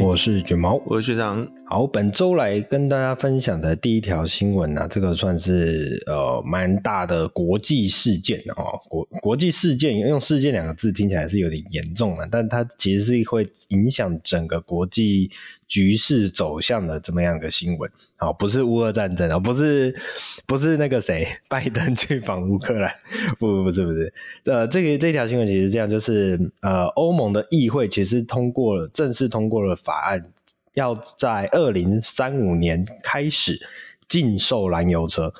我是卷毛，我是學長。好，本週來跟大家分享的第一條新聞呢、啊，這個算是呃蠻大的國際事件哦，國國際事件用“事件”兩個字聽起來是有點嚴重了、啊，但它其實是會影響整個國際局勢走向的這麼樣一個新聞，好，不是烏俄戰爭啊，不是，不是那個誰，拜登，去訪烏克蘭，不 不不，是不是，呃，這個這條新聞其實這樣，就是呃，歐盟的議會其實通過了，正式通過了法案，要在二零三五年開始禁售燃油車。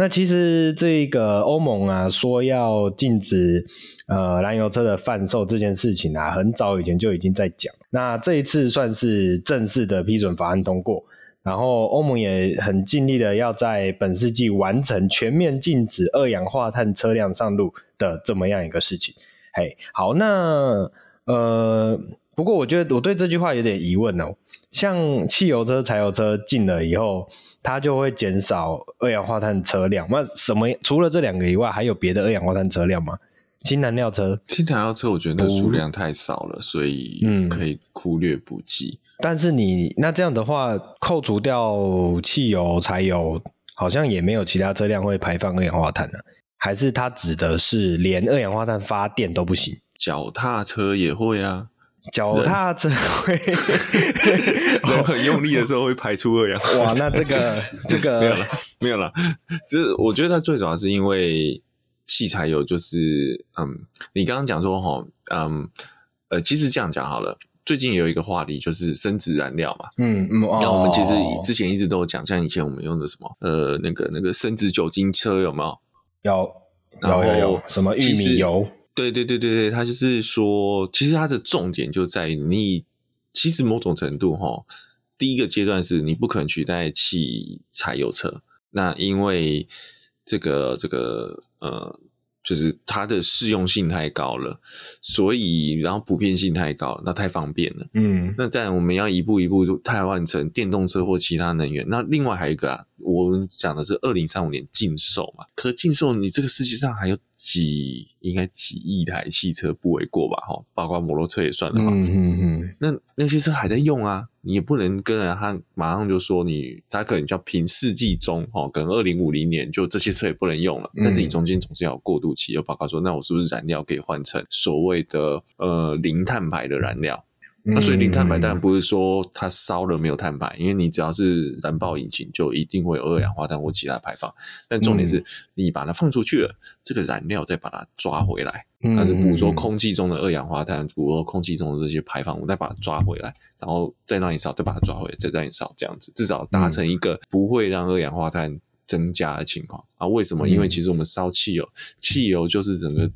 那其實這個歐盟啊，說要禁止呃燃油車的販售這件事情啊，很早以前就已經在講。那這一次算是正式的批准法案通過，然後歐盟也很盡力的要在本世紀完成全面禁止二氧化碳車輛上路的這麼樣一個事情。嘿，好，那呃，不過我覺得我對這句話有點疑問哦。像汽油車、柴油車禁了以後，它就會減少二氧化碳車輛。那什麼除了這兩個以外，還有別的二氧化碳車輛嗎？氫燃料車？氫燃料車，我覺得數量太少了，所以可以忽略不計、嗯。但是你那這樣的話，扣除掉汽油、柴油，好像也沒有其他車輛會排放二氧化碳了、啊。還是它指的是連二氧化碳發電都不行？腳踏車也會啊？腳踏車會人 很用力的時候會排出二氧化碳，哦。哇，那這個這個 沒有了，沒有了。這我覺得它最主要是因為器材有，就是嗯，你剛剛講說哈，嗯呃，其實這樣講好了。最近有一個話題就是生質燃料嘛，嗯嗯，嗯哦，那我們其實之前一直都有講，像以前我們用的什麼呃那個那個生質酒精車有沒有？有有有，有，什麼玉米油？對對對對對，他就是說，其實它的重點就在於你，其實某種程度哈、哦，第一個階段是你不可能取代汽柴油車，那因為這個這個呃，就是它的適用性太高了，所以然後普遍性太高，那太方便了，嗯，那再我們要一步一步就汰換成電動車或其他能源，那另外還有一個啊。我們講的是二零三五年禁售嘛，可禁售你這個世界上還有幾應該幾億台汽車不為過吧？哈，包括摩托車也算的話、嗯。嗯嗯嗯。那那些車還在用啊，你也不能跟人家馬上就說你，他可能叫平世紀中哈，可能二零五零年就這些車也不能用了，嗯、但是你中間總是要有過渡期，又包括說那我是不是燃料可以換成所謂的呃零碳排的燃料？嗯那所以零碳排，當然不是說它燒了沒有碳排，因為你只要是燃爆引擎，就一定會有二氧化碳或其他排放。但重點是你把它放出去了，這個燃料再把它抓回來，它是捕捉空氣中的二氧化碳，捕捉空氣中的這些排放，我再把它抓回來，然後再讓你燒，再把它抓回來，再讓你燒，這樣子至少達成一個不會讓二氧化碳增加的情況啊？為什麼？因為其實我們燒汽油，汽油就是整個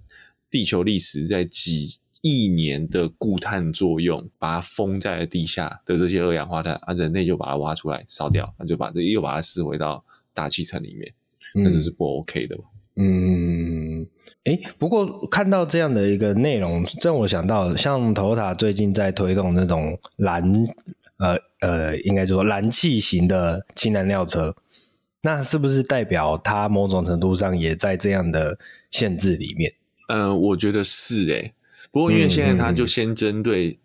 地球歷史在積。一年的固碳作用，把它封在了地下的這些二氧化碳啊，人類就把它挖出來燒掉，那就把這又把它釋回到大氣層裡面，那這是不 OK 的。嗯，哎、嗯欸，不過看到這樣的一個內容，這讓我想到像 Toyota 最近在推動那種藍呃呃，應該就說藍氣型的氫燃料車，那是不是代表它某種程度上也在這樣的限制裡面？嗯，我覺得是誒、欸。不過，因為現在他就先針對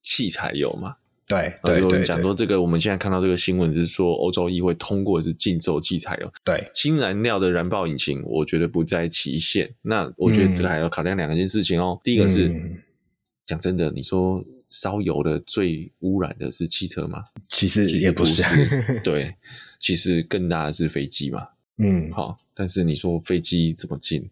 汽柴油嘛，對、嗯，然後講說這個，我們現在看到這個新聞是說，歐洲議會通過的是禁售汽柴油，對，氫燃料的燃爆引擎，我覺得不在其限。那我覺得這個還要考量兩件事情哦。嗯、第一個是，嗯、講真的，你說燒油的最污染的是汽車嗎？其實也不是，不是 對，其實更大的是飛機嘛。嗯，好，但是你說飛機怎麼禁？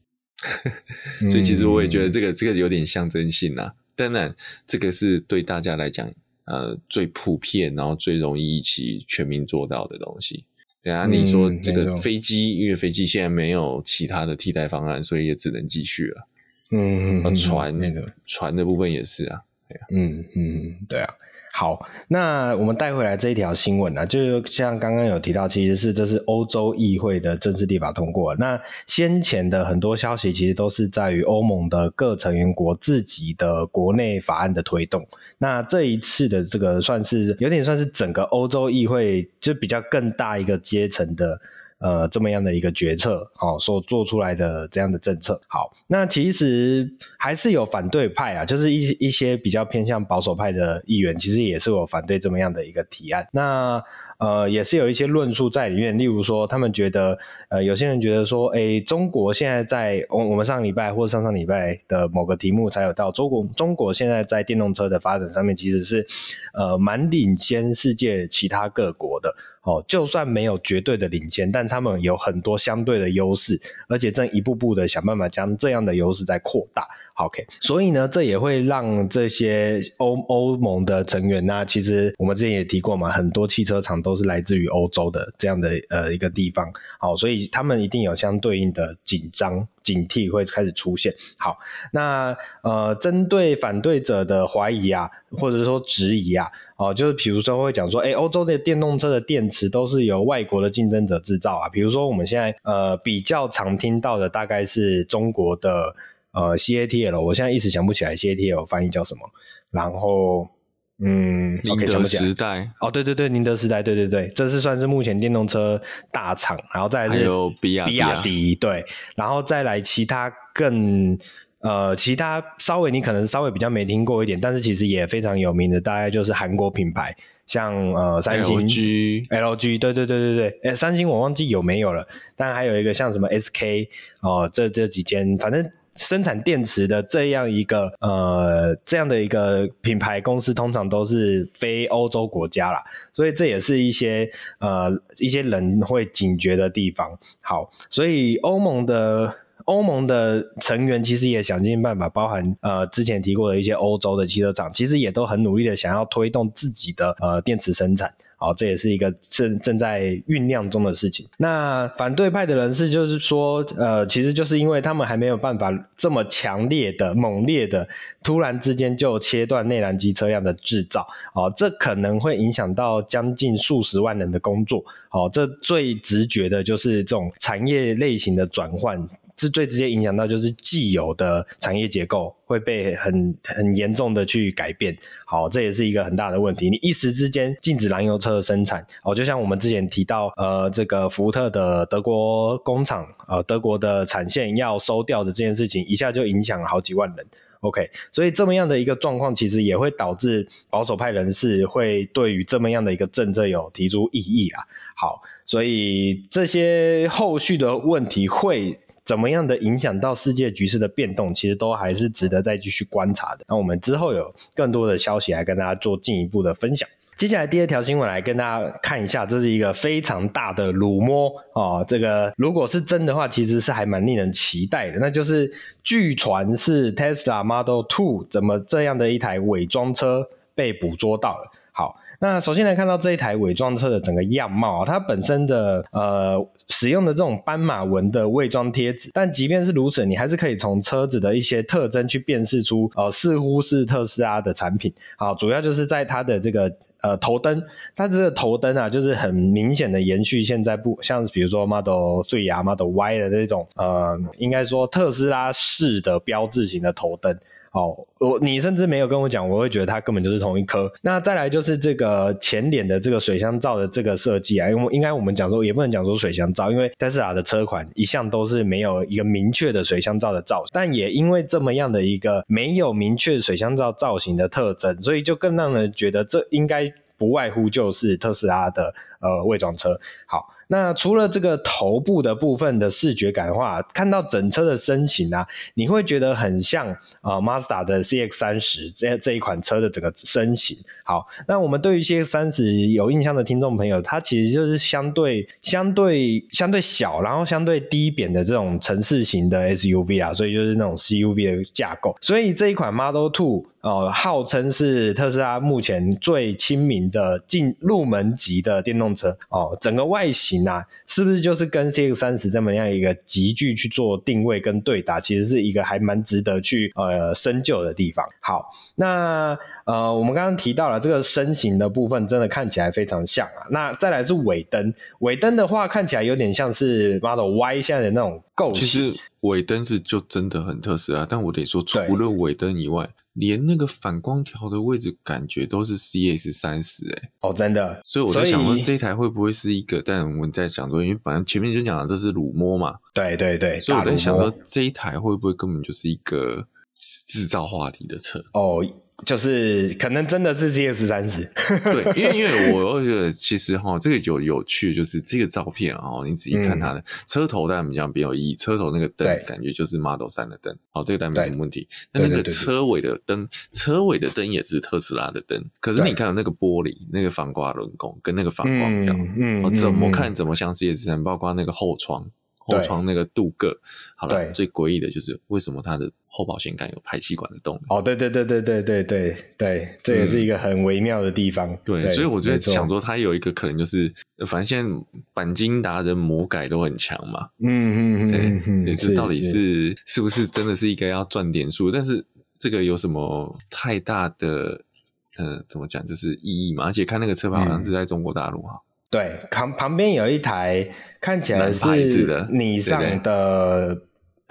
所以其實我也覺得這個、嗯、這個有點象徵性啦、啊。當然這個是對大家來講呃最普遍然後最容易一起全民做到的東西。對啊，嗯、你說這個飛機沒錯，因為飛機現在沒有其他的替代方案，所以也只能繼續了、啊。嗯、啊、嗯，船那個沒錯，船的部分也是啊。對啊，嗯嗯，對啊。好，那我們帶回來這一條新聞呢、啊，就像剛剛有提到，其實是這是歐洲議會的正式立法通過。那先前的很多消息其實都是在於歐盟的各成員國自己的國內法案的推動。那這一次的這個算是有點算是整個歐洲議會就比較更大一個階層的。呃，這麼樣的一個決策，哦，所做出來的這樣的政策，好，那其實還是有反對派啊，就是一一些比較偏向保守派的議員，其實也是有反對這麼樣的一個提案。那呃，也是有一些論述在裡面，例如說，他們覺得，呃，有些人覺得說，欸，中國現在在，我我們上禮拜或上上禮拜的某個題目才有到，中國中國現在在電動車的發展上面其實是，呃，蠻領先世界其他各國的，哦，就算沒有絕對的領先，但他們有很多相對的優勢，而且正一步步的想辦法將這樣的優勢再擴大。OK，所以呢，這也會讓這些歐歐盟的成員呢，其實我們之前也提過嘛，很多汽車廠都是來自於歐洲的這樣的呃一個地方。好，所以他們一定有相對應的緊張。警惕會開始出現。好，那呃，針對反對者的懷疑啊，或者說質疑啊，哦、呃，就是比如說會講說，誒、欸、歐洲的電動車的電池都是由外國的競爭者製造啊。比如說我們現在呃比較常聽到的，大概是中國的呃 CATL，我現在一時想不起來 CATL 翻譯叫什麼，然後。嗯，寧德時代 okay, 哦，對對對，寧德時代，對對對，這是算是目前電動車大廠，然後再來是，還有比亞迪，比亞迪，對，然後再來其他更呃，其他稍微你可能稍微比較沒聽過一點，但是其實也非常有名的，大概就是韓國品牌，像呃三星、LG，對對對對對，哎、欸，三星我忘記有沒有了，但還有一個像什麼 SK 哦、呃，這這幾間，反正。生產電池的這樣一個呃這樣的一個品牌公司，通常都是非歐洲國家啦。所以這也是一些呃一些人會警覺的地方。好，所以歐盟的。歐盟的成員其實也想盡辦法，包含呃之前提過的一些歐洲的汽車廠，其實也都很努力的想要推動自己的呃電池生產。好、哦，這也是一個正正在醞釀中的事情。那反對派的人士就是說，呃，其實就是因為他們還沒有辦法這麼強烈的、猛烈的，突然之間就切斷內燃機車輛的制造。哦，這可能會影響到將近數十萬人的工作。哦，這最直覺的就是這種產業類型的轉換。是最直接影響到就是既有的產業結構會被很很嚴重的去改變，好，這也是一個很大的問題。你一時之間禁止燃油車的生產，哦，就像我們之前提到，呃，這個福特的德國工廠，呃，德國的產線要收掉的這件事情，一下就影響了好幾萬人。OK，所以這麼樣的一個狀況，其實也會導致保守派人士會對於這麼樣的一個政策有提出異議啊。好，所以這些後續的問題會。怎麼樣的影響到世界局勢的變動，其實都還是值得再繼續觀察的。那我們之後有更多的消息來跟大家做進一步的分享。接下來第二條新聞來跟大家看一下，這是一個非常大的乳摸。啊、哦！這個如果是真的話，其實是還蠻令人期待的，那就是據傳是 Tesla Model 2怎麼這樣的一台偽裝車被捕捉到了。那首先來看到這一台偽裝車的整個樣貌，它本身的呃使用的這種斑馬紋的偽裝貼紙，但即便是如此，你還是可以從車子的一些特徵去辨識出，呃，似乎是特斯拉的產品啊，主要就是在它的這個呃頭燈，它這個頭燈啊，就是很明顯的延續現在不像比如說 Model 3、啊、啊、Model Y 的那種呃，應該說特斯拉式的標誌型的頭燈。好，我、哦、你甚至沒有跟我講，我會覺得它根本就是同一顆。那再來就是這個前臉的這個水箱罩的這個設計啊，因為應該我們講說也不能講說水箱罩，因為特斯拉的車款一向都是沒有一個明確的水箱罩的罩，但也因為這麼樣的一個沒有明確水箱罩造型的特徵，所以就更讓人覺得這應該不外乎就是特斯拉的呃偽裝車。好。那除了這個頭部的部分的視覺感的話，看到整車的身形啊，你會覺得很像啊，馬自達的 CX-30 這這一款車的整個身形。好，那我們對於 CX-30 有印象的聽眾朋友，它其實就是相對相對相對小，然後相對低扁的這種城市型的 SUV 啊，所以就是那種 CUV 的架構。所以這一款 Model 2。哦，號稱是特斯拉目前最親民的進入門級的電動車哦，整個外形啊，是不是就是跟 C X 三十這麼樣一個級距去做定位跟對打？其實是一個還蠻值得去呃深究的地方。好，那呃我們剛剛提到了這個身形的部分，真的看起來非常像啊。那再來是尾燈，尾燈的話看起來有點像是 Model Y 現在的那種構思。其實尾燈是就真的很特色啊，但我得說，除了尾燈以外，對連那個反光條的位置感覺都是 CX-30 哎，哦，真的，所以我在想說這一台會不會是一個？以但我們在講說，因為反正前面就講的都是乳摸嘛，對對對，所以我在想說這一台會不會根本就是一個製造話題的車哦。Oh. 就是可能真的是 GS 三十，對，因為因為我又覺得其實哈，這個有有趣，就是這個照片啊，你仔細看它的、嗯、車頭，當然比較比較一，車頭那個燈感覺就是 Model 三的燈，好對、喔，這個當然沒什麼問題。那對那個車尾的燈，對對對車尾的燈也是特斯拉的燈，可是你看那個玻璃、對那個防刮輪拱跟那個反光條，怎麼看怎麼像是 GS 3，包括那個後窗。後窗那個鍍鉻，好了，最詭異的就是為什麼它的後保險桿有排氣管的洞？哦，對對對對對對對對，這也是一個很微妙的地方。嗯、對，沒錯。所以我覺得想說它有一個可能就是，反正現在鈑金達人魔改都很強嘛。嗯哼嗯哼嗯嗯，這到底是是不是真的是應該要賺點數？但是這個有什麼太大的，嗯、呃，怎麼講就是意義嘛？而且看那個車牌好像是在中國大陸哈。嗯對，旁旁邊有一台看起來是 Nissan 的,的對對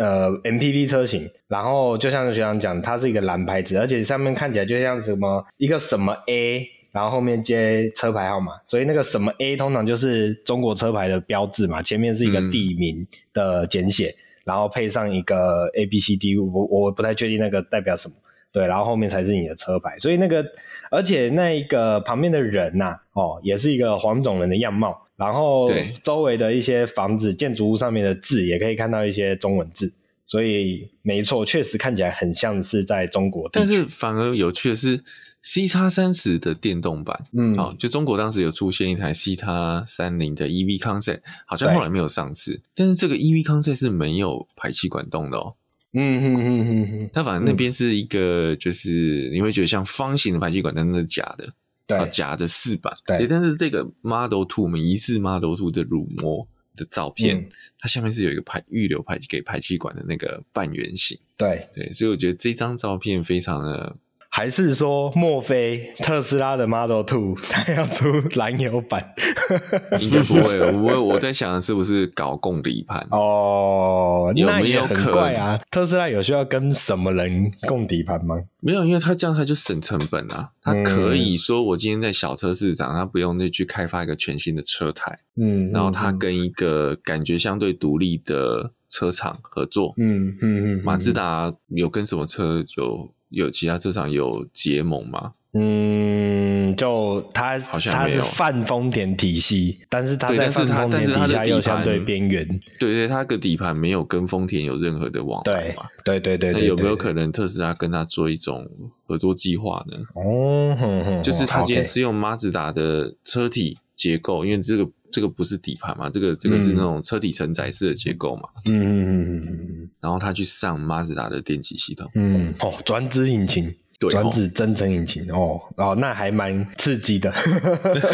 呃 M P V 車型，然後就像學長講，它是一個藍牌子，而且上面看起來就像什麼一個什麼 A，然後後面接車牌號碼，所以那個什麼 A 通常就是中國車牌的標志嘛，前面是一個地名的簡寫，嗯、然後配上一個 A B C D，我我不太確定那個代表什麼。對，然後後面才是你的車牌，所以那個，而且那一個旁邊的人吶、啊，哦，也是一個黃種人的樣貌，然後周圍的一些房子、對建築物上面的字也可以看到一些中文字，所以沒錯，確實看起來很像是在中國。但是反而有趣的是，C 叉三十的電動版，嗯，哦，就中國當時有出現一台 C 叉三零的 EV Concept，好像後來沒有上市，對但是這個 EV Concept 是沒有排氣管動的哦。嗯哼哼哼哼哼，它反正那邊是一個，就是你會覺得像方形的排氣管，但那是假的，對、哦，假的飾板，對,對。但是這個 model two，我們疑似 model two 的乳摸的照片，嗯、它下面是有一個排預留排氣給排氣管的那個半圓形，對對，所以我覺得這張照片非常的。還是說，莫非特斯拉的 Model 2它要出燃油版？ 應該不會。我會我在想，是不是搞共底盤？哦，有沒有那也很怪啊。特斯拉有需要跟什麼人共底盤嗎？沒有，因為他這樣他就省成本啊。他可以說，我今天在小車市場，他不用那去開發一個全新的車台。嗯，嗯然後他跟一個感覺相對獨立的車廠合作。嗯嗯嗯。嗯嗯嗯馬自達有跟什麼車有？有其他車廠有結盟嗎？嗯，就他，好像沒有。它是泛豐田體系，但是他在泛豐田底下又相對邊緣。對對，他個底盤沒有跟豐田有任何的往來嘛？對對對，對對對，那有沒有可能特斯拉跟他做一種合作計劃呢？哦，哼哼哼，就是他今天是用馬自達的車體結構，Okay. 因為這個。這個不是底盤嘛？這個這個是那種車體承載式的結構嘛？嗯嗯嗯嗯嗯。然後它去上馬自達的電機系統。嗯，哦，轉子引擎。對哦、轉子增程引擎哦哦，那還蠻刺激的。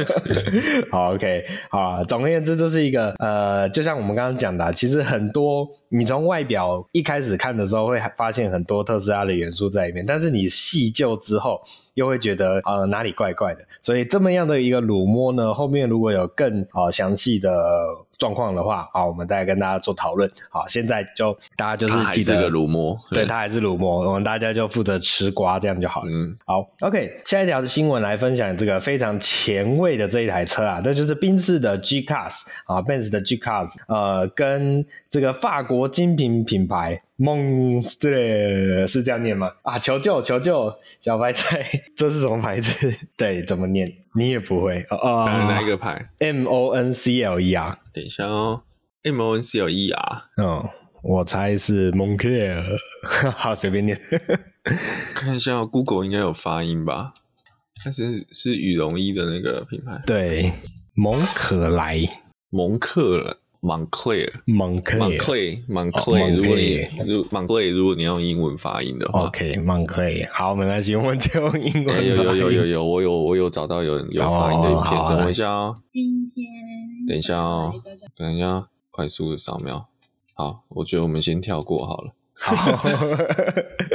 好，OK，好，總而言之，這就是一個呃，就像我們剛剛講的，其實很多你從外表一開始看的時候會發現很多特斯拉的元素在裡面，但是你細究之後又會覺得呃哪裡怪怪的。所以這麼樣的一個乳摸呢，後面如果有更好、呃、詳細的。狀況的話，啊我們再跟大家做討論。好，現在就大家就是記得，是個乳摸，對，它還是乳摸，我、嗯、們大家就負責吃瓜，這樣就好了。嗯，好，OK，下一條的新聞來分享這個非常前衛的這一台車啊，這就是賓士的 G-Class 啊、嗯，賓士的 G-Class 呃，跟。這個法國精品品牌 Moncler 是這樣念嗎？啊，求救，求救！小白菜，這是什麼牌子？對，怎麼念？你也不會哦哦，哦哪個一個牌？M O N C L E R 啊，等一下哦，M O N C L E R 啊，嗯、哦，我猜是 Moncler 哈，好，隨便念， 看一下 Google 應該有發音吧？它是是羽絨衣的那個品牌，對，蒙可萊，蒙克了。Moncler Moncler Moncler 如果你如 Moncler 如果你要用英文發音的話 OK Moncler，好，沒關係，我們就用英文發音。有、欸、有有有有，我有我有，我有找到有有發音的一篇，oh, oh, 等一下哦。今天好，來等一下哦，等一下，快速的掃描。好，我覺得我們先跳過好了。 好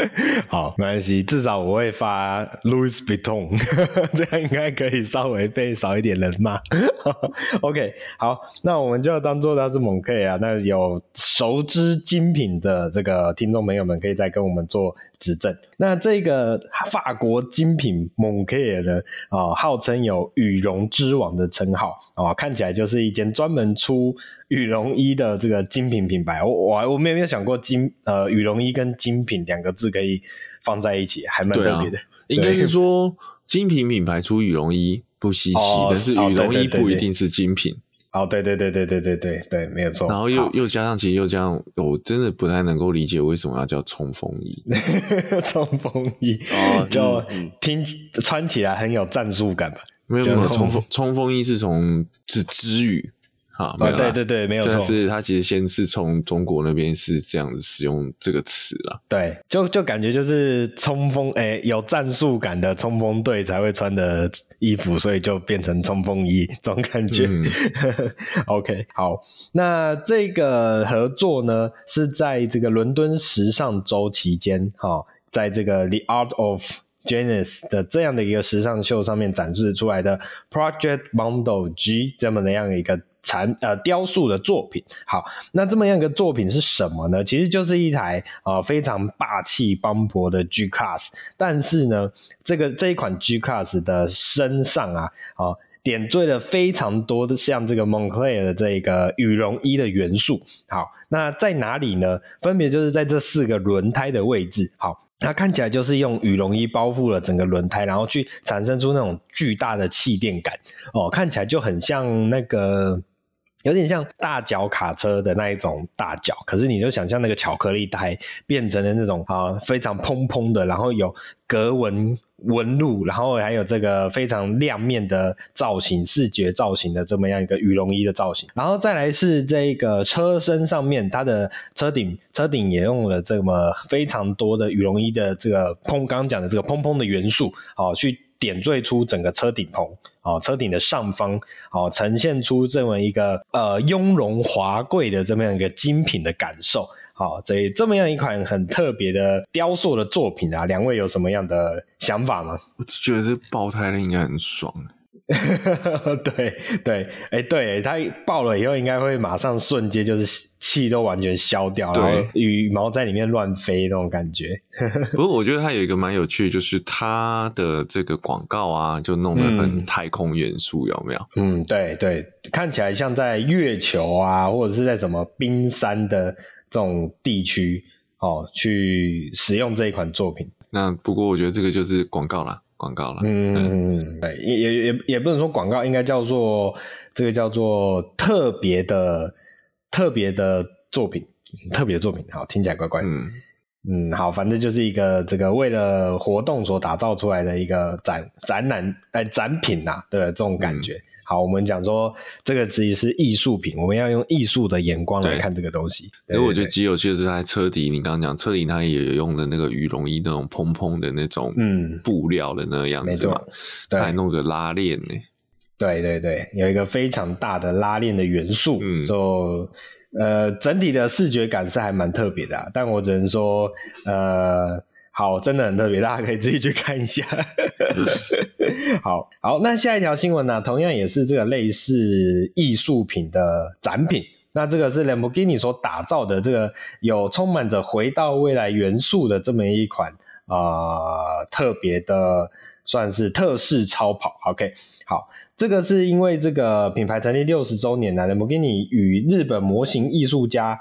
好，沒關係，至少我會發 Louis Vuitton， 這樣應該可以稍微被少一點人罵。 OK，好，那我們就當做它是 Moncler 啊。那有熟知精品的這個聽眾朋友們，可以再跟我們做指正。那這個法國精品 Moncler 呢，啊、哦，號稱有羽絨之王的稱號啊、哦，看起來就是一間專門出。羽絨衣的這個精品品牌，我我我沒有沒有想過“精”呃羽絨衣跟“精品”兩個字可以放在一起，還蠻特別的。啊、對應該是說精品品牌出羽絨衣不稀奇，哦、但是羽絨衣不一定是精品。哦，對對對對哦，對對對對對對對對，沒有錯。然後又好又加上，其實又加上，我真的不太能夠理解為什麼要叫衝鋒衣。 衝鋒衣、哦、就、嗯嗯、聽穿起來很有戰術感吧？沒有衝鋒衝鋒衣是從是知語。啊對對對，沒有錯，是它其實先是從中國那邊是這樣子使用這個詞了，對，就就感覺就是衝鋒誒，有戰術感的衝鋒隊才會穿的衣服，所以就變成衝鋒衣，這種感覺。呵呵、嗯、 OK，好，那這個合作呢是在這個倫敦時尚週期間，哈，在這個 The Art of Genius 的這樣的一個時尚秀上面展示出來的 Project Mondo G 這麼樣的樣一個。產呃雕塑的作品，好，那這麼樣一個作品是什麼呢？其實就是一台啊、呃、非常霸氣磅礴的 G Class，但是呢，這個這一款 G Class 的身上啊，啊、呃、點綴了非常多的像這個 Moncler 的這一個羽絨衣的元素。好，那在哪裡呢？分別就是在這四個輪胎的位置。好，它看起來就是用羽絨衣包覆了整個輪胎，然後去產生出那種巨大的氣墊感。哦，看起來就很像那個。有點像大腳卡車的那一種大腳，可是你就想像那個巧克力胎變成了那種啊非常砰砰蓬蓬的，然後有格紋紋路，然後還有這個非常亮面的造型、視覺造型的這麼樣一個羽絨衣的造型，然後再來是這一個車身上面，它的車頂車頂也用了這麼非常多的羽絨衣的這個蓬，剛講的這個蓬蓬的元素，啊去。點綴出整個車頂棚，啊，車頂的上方，啊，呈現出這麼一個呃雍容華貴的這麼樣一個精品的感受，所以這這麼樣一款很特別的雕塑的作品啊，兩位有什麼樣的想法嗎？我只覺得這爆胎了應該很爽。 對對，誒對他爆了以後，應該會馬上瞬間就是氣都完全消掉了，對，羽毛在裡面亂飛那種感覺。 不過我覺得它有一個蠻有趣的，就是它的這個廣告啊，就弄得很太空元素，嗯、有沒有？嗯，對對，看起來像在月球啊，或者是在什麼冰山的這種地區哦，去使用這一款作品。那不過我覺得這個就是廣告啦。廣告了，嗯，對，對，也也也也不能說廣告，應該叫做這個叫做特別的特別的作品，特別的作品，好，聽起來怪怪的，嗯嗯，好，反正就是一個這個為了活動所打造出來的一個展展覽哎、呃、展品吶、啊，對這種感覺。嗯好，我們講說這個其實是藝術品，我們要用藝術的眼光來看這個東西。哎，我覺得極有趣的是在車底。你剛剛講車頂它也有用的那個羽絨衣那種蓬蓬的那種布料的那個樣子嘛，嗯、對它還弄個拉鏈呢。對對對，有一個非常大的拉鏈的元素，嗯、就呃整體的視覺感是還蠻特別的、啊。但我只能說，呃。好，真的很特別，大家可以自己去看一下。 嗯、好好，那下一條新聞呢、啊？同樣也是這個類似藝術品的展品。嗯、那這個是蘭博基尼所打造的這個有充滿着回到未來元素的這麼一款啊、呃、特別的算是特仕超跑。OK，好，這個是因為這個品牌成立六十周年呢，蘭博基尼與日本模型藝術家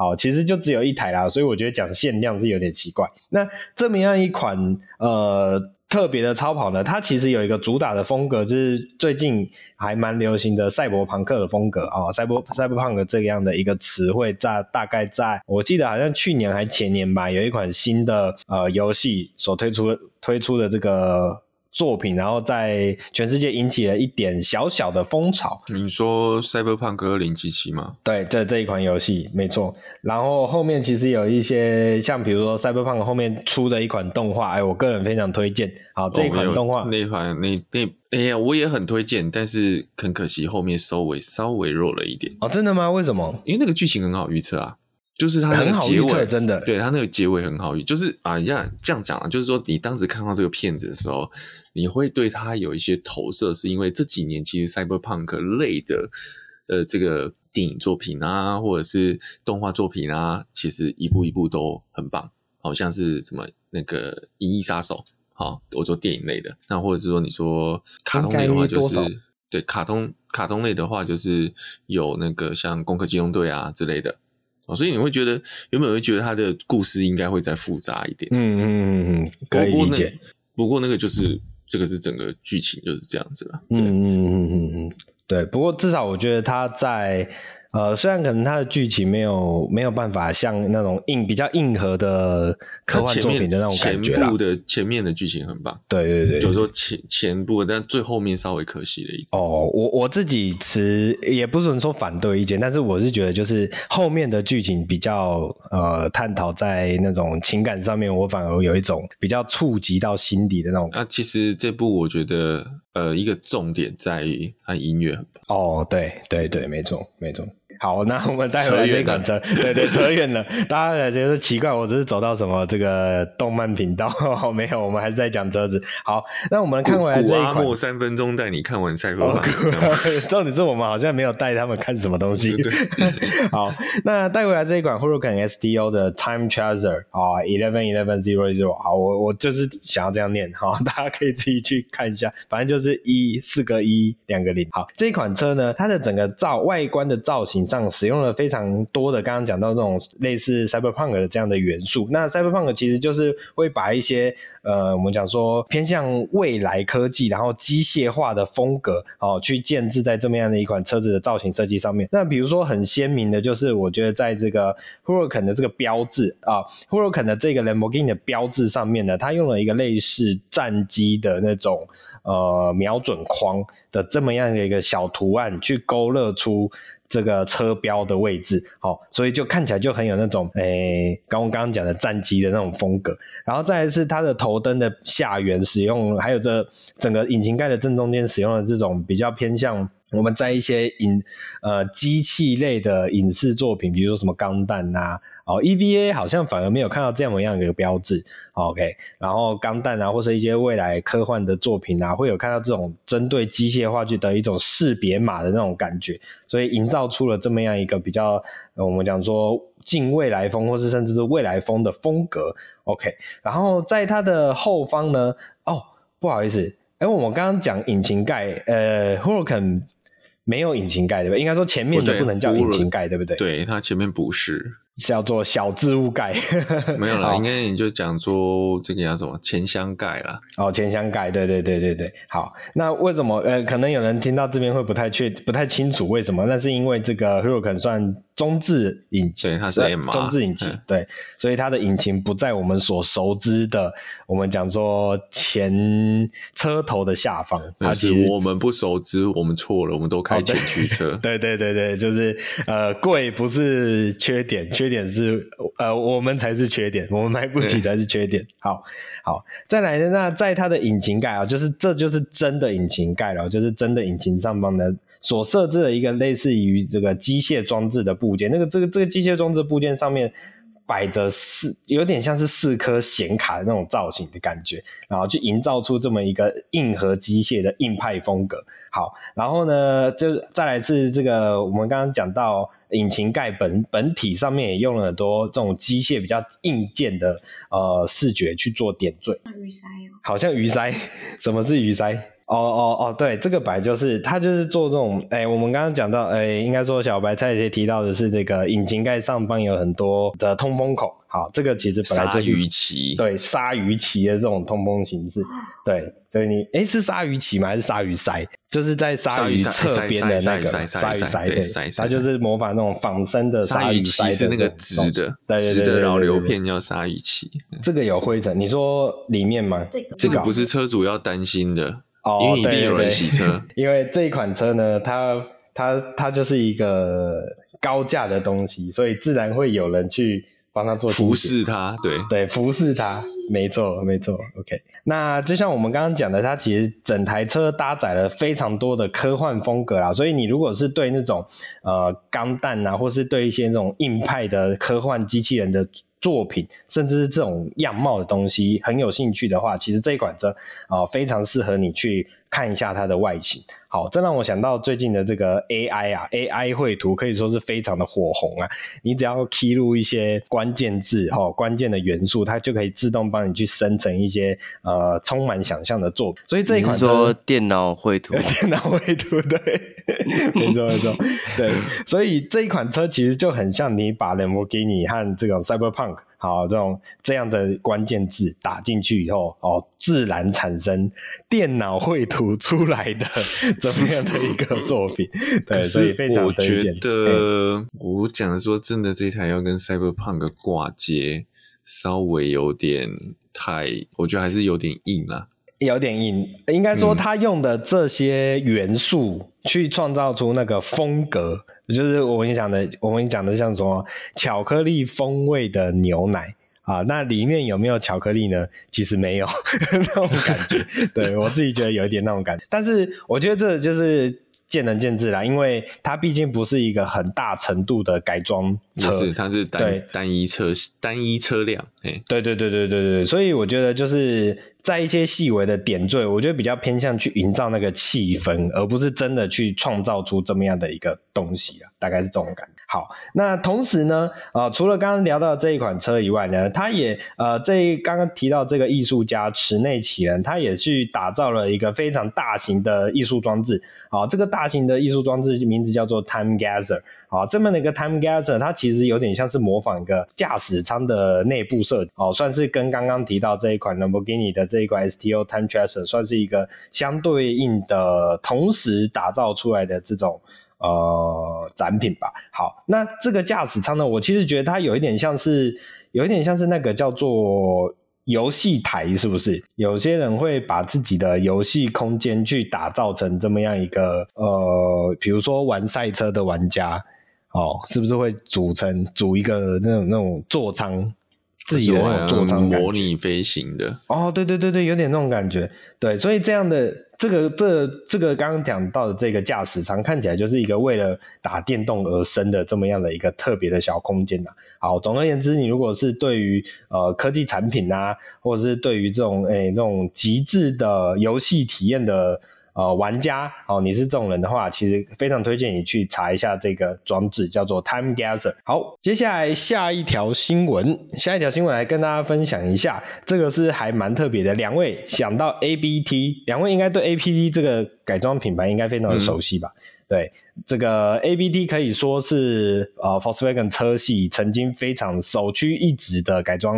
好，其實就只有一台啦，所以我覺得講限量是有點奇怪。那這麼樣一款呃特別的超跑呢，它其實有一個主打的風格，就是最近還蠻流行的賽博朋克的風格啊、哦。賽博賽博朋克這樣的一個詞彙在，在大概在我記得好像去年還前年吧，有一款新的呃遊戲所推出推出的這個。作品，然後在全世界引起了一點小小的風潮。你說《Cyberpunk 2077》嗎？對，這這一款遊戲沒錯。然後後面其實有一些像，比如說《Cyberpunk》後面出的一款動畫，哎，我個人非常推薦。好，這一款動畫，哦、那一款那那哎呀，我也很推薦，但是很可惜後面收尾稍微弱了一點。哦，真的嗎？為什麼？因為那個劇情很好預測啊，就是它結尾很好預測，真的。對它那個結尾很好預，就是啊，一樣這樣這樣講啊，就是說你當時看到這個片子的時候。你會對它有一些投射，是因為這幾年其實 cyberpunk 類的，呃，這個電影作品啊，或者是動畫作品啊，其實一部一部都很棒，好像是什麼那個《銀翼殺手》。好，我做電影類的，那或者是說你說卡通類的話，就是對卡通卡通類的話，就是有那個像《攻殼機動隊》啊之類的，哦，所以你會覺得原本會覺得它的故事應該會再複雜一點。嗯嗯嗯嗯，可以理解不。不過那個就是。嗯這個是整個劇情就是這樣子了。嗯，嗯嗯嗯嗯嗯嗯，對。不過至少我覺得他在。呃，雖然可能它的劇情沒有沒有辦法像那種硬比較硬核的科幻作品的那種感覺，前，前部的前面的劇情很棒，對，對對對，就是說前前部的，但最後面稍微可惜了一點。哦，我我自己持也不是很說反對意見，但是我是覺得就是後面的劇情比較呃探討在那種情感上面，我反而有一種比較觸及到心底的那種。那、啊、其實這部我覺得呃一個重點在於它音樂很棒哦，對對對，沒錯沒錯。好，那我們帶回來這一款車，車對，對對，扯遠了， 大家覺得說奇怪，我只是走到什麼這個動漫頻道， 沒有，我們還是在講車子。好，那我們看回來這一款，古古阿莫三分鐘帶你看完賽博。重點是我們好像沒有帶他們看什麼東西。對對對 好，那帶回來這一款 Huracan STO 的 Time Chaser 啊，eleven eleven zero zero 好，我我就是想要這樣念哈、哦，大家可以自己去看一下，反正就是一四個一兩個零。好，這款車呢，它的整個造外觀的造型。上使用了非常多的剛剛講到這種類似 Cyberpunk 的這樣的元素。那 Cyberpunk 其實就是會把一些呃，我們講說偏向未來科技，然後機械化的風格哦，去建置在這麼樣的一款車子的造型設計上面。那比如說很鮮明的就是，我覺得在這個 Huracan 的這個標誌啊、哦、Huracan 的這個 Lamborghini 的標誌上面呢，它用了一個類似戰機的那種呃瞄準框的這麼樣的一個小圖案去勾勒出這個車標的位置，好，所以就看起來就很有那種，誒、欸，剛我剛剛講的戰機的那種風格。然後再來是它的頭燈的下緣使用，還有這整個引擎蓋的正中間使用的這種比較偏向。我們在一些影呃，機器類的影視作品，比如說什麼《鋼彈》啊吶，哦 EVA 好像反而沒有看到這麼樣，一樣一個標誌，哦，OK。然後《鋼彈》啊，或者一些未來科幻的作品啊，會有看到這種針對機械化具的一種識別碼的那種感覺，所以營造出了這麼樣一個比較，呃，我們講說近未來風，或是甚至是未來風的風格，哦，OK。然後在它的後方呢，哦不好意思，哎我們剛剛講引擎蓋，呃 Huracan 沒有引擎蓋對吧？應該說前面就不能叫引擎蓋對，對不對？對，它前面不是叫做小置物蓋， 沒有啦，好應該你就講說這個叫什麼前箱蓋啦。哦，前箱蓋，對對對對對。好，那為什麼？呃，可能有人聽到這邊會不太確、不太清楚為什麼？那是因為這個 Huracan 算。中置引擎，它是 MR，中置引擎，對，所以它的引擎不在我們所熟知的，嘿我們講說前車頭的下方。它是我們不熟知，我們錯了，我們都開前驅車。哦、對對對對，就是呃貴不是缺點，缺點是對呃我們才是缺點，我們買不起才是缺點。對好好，再來呢，那在它的引擎蓋啊，就是這就是真的引擎蓋了，就是真的引擎上方的。所設置的一個類似於這個機械裝置的部件，那個這個這個機械裝置部件上面擺着四，有點像是四顆顯卡的那種造型的感覺，然後去營造出這麼一個硬核機械的硬派風格。好，然後呢，就再來是這個我們剛剛講到引擎蓋本本體上面也用了很多這種機械比較硬件的呃視覺去做點綴，魚鰓哦，好像魚鰓，什麼是魚鰓？ 哦哦哦，對，這個白就是它，就是做這種，哎，我們剛剛講到，哎，應該說小白菜也提到的是這個引擎蓋上方有很多的通風口，好，這個其實本來就是鯊魚鰭，對，鯊魚鰭的這種通風形式，對，所以你，哎，是鯊魚鰭嗎？還是鯊魚鰓？就是在鯊魚側邊的那個鯊魚鰓，對，對它就是模仿那種仿生的鯊魚鰭的那，那個直的，對對對，對，對，對，對，對對對，擾流片叫鯊魚鰭，這個有灰塵，你說裡面嗎？這個對不是車主要擔心的。哦，因為一定有人騎車，對對對。因為這一款車呢，它它它就是一個高價的東西，所以自然會有人去幫它做服侍它，對對，服侍它，沒錯沒錯。OK，那就像我們剛剛講的，它其實整台車搭載了非常多的科幻風格啦，所以你如果是對那種呃鋼彈啊，或是對一些那種硬派的科幻機器人的。作品，甚至是這種樣貌的東西，很有興趣的話，其實這一款車啊、呃、非常適合你去看一下它的外形，好，這讓我想到最近的這個 AI 啊，AI 繪圖可以說是非常的火紅啊。你只要披露一些關鍵字哈、哦，關鍵的元素，它就可以自動幫你去生成一些呃充滿想象的作品。所以這一款車說電腦繪圖，電腦繪圖，對， 沒錯沒錯， 對，所以這一款車其實就很像你把 Lamborghini 和這個 Cyberpunk。好，這種這樣的關鍵字打進去以後，哦，自然產生電腦繪圖出來的這 麼樣的一個作品。可是 對，所以我覺得我講的說，真的這台要跟 Cyberpunk 掛接，稍微有點太，我覺得還是有點硬了、啊。有點硬，應該說他用的這些元素去創造出那個風格。就是我們講的，我們講的像什麼巧克力風味的牛奶啊？那裡面有沒有巧克力呢？其實沒有呵呵那種感覺， 對我自己覺得有一點那種感覺。但是我覺得這就是見仁見智啦，因為它畢竟不是一個很大程度的改裝車，它是單對單一車型單一車輛。對對對對對對，所以我覺得就是。在一些細微的點綴，我覺得比較偏向去營造那個氣氛，而不是真的去創造出這麼樣的一個東西啊，大概是這種感覺。好，那同時呢，啊、呃，除了剛剛聊到這一款車以外呢，它也呃，這剛剛提到這個藝術家池內啟人，他也去打造了一個非常大型的藝術裝置。好、呃，這個大型的藝術裝置名字叫做 Time Gather。好，這麼的一個 Time Chaser，它其實有點像是模仿一個駕駛艙的內部設計，哦，算是跟剛剛提到這一款 Lamborghini 的這一款，款 STO Time Chaser 算是一個相對應的，同時打造出來的這種呃展品吧。好，那這個駕駛艙呢，我其實覺得它有一點像是，有一點像是那個叫做遊戲台，是不是？有些人會把自己的遊戲空間去打造成這麼樣一個呃，比如說玩賽車的玩家。哦，是不是會組成組一個那種那種座艙，自己的那種座艙，模擬飛行的？哦，對對對對，有點那種感覺。對，所以這樣的這個這、這個剛剛講到的這個駕駛艙，看起來就是一個為了打電動而生的這麼樣的一個特別的小空間吶、啊。好，總而言之，你如果是對於呃科技產品啊，或者是對於這種誒那種極致的遊戲體驗的。呃，玩家，好、哦，你是這種人的話，其實非常推薦你去查一下這個裝置，叫做 Time Gather。好，接下來下一條新聞，下一條新聞來跟大家分享一下，這個是還蠻特別的。兩位想到 A B T，兩位應該對 A B T 這個改裝品牌應該非常的熟悉吧？嗯。對，這個 A B T 可以說是呃 Volkswagen 車系曾經非常首屈一指的改裝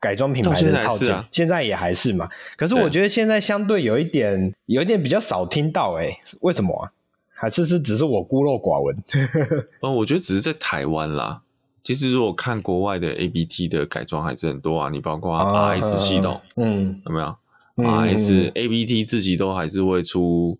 改裝品牌的套件，現在，啊、現在也還是嘛。可是我覺得現在相對有一點，對有一點比較少聽到哎、欸，為什麼啊？還是是只是我孤陋寡聞 、嗯？我覺得只是在台灣啦。其實如果看國外的 A B T 的改裝還是很多啊，你包括 R S 系統，啊、嗯，有沒有？R S,、嗯、 A B T 自己都還是會出。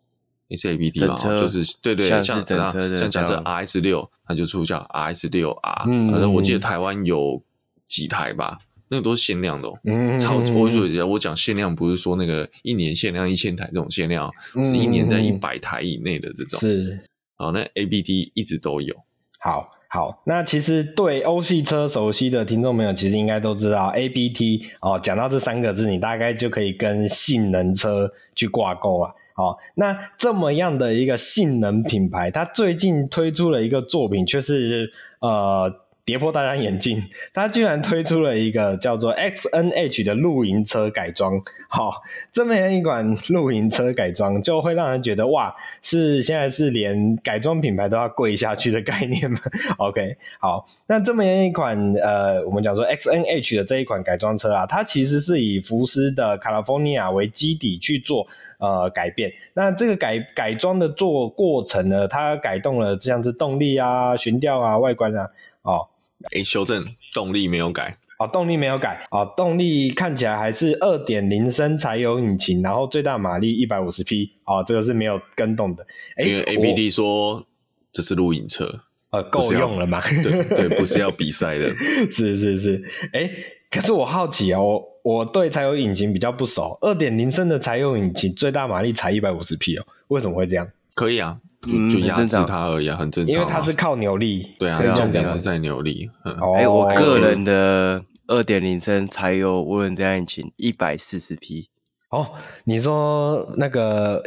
A B T 嘛，就是對對，像整車像假設 R S 六，它就出叫 R S 六 R。反正我記得台灣有幾台吧，那個都是限量的，嗯，超級我就覺得我講限量不是說那個一年限量一千台這種限量，是一年在一百台以內的這種。是，好，那 A B T 一直都有。好好，那其實對歐系車熟悉的聽眾朋友，其實應該都知道 A B T。哦，講到這三個字，你大概就可以跟性能車去掛鈎了。好，那這麼樣的一個性能品牌，它最近推出了一個作品，卻是呃跌破大家眼鏡。它居然推出了一個叫做 XNH 的露營車改裝。好，這麼樣一款露營車改裝，就會讓人覺得哇，是現在是連改裝品牌都要跪下去的概念嗎？OK，好，那這麼樣一款呃，我們講說 XNH 的這一款改裝車啊，它其實是以福斯的 California 為基底去做。呃，改變那這個改改裝的做過程呢？它改動了這樣子動力啊、懸吊啊、外觀啊。哦，哎、欸，修正動力沒有改哦，動力沒有改哦，動力看起來還是二點零升柴油引擎，然後最大馬力一百五十匹哦，這個是沒有更動的。欸、因為 ABT 我說這是露營車，呃，夠用了嗎？ 對對，不是要比賽的， 是是是，哎、欸。可是我好奇啊、喔，我我對柴油引擎比較不熟，二點零升的柴油引擎最大馬力才一百五十匹哦，為什麼會這樣？可以啊，就壓制它而已啊，嗯、很正常，正常啊、因為它是靠扭力，對啊，重點、啊、對是在扭力。哎，嗯、還有我個人的二點零升柴油渦輪增壓引擎一百四十匹。哦，你說那個。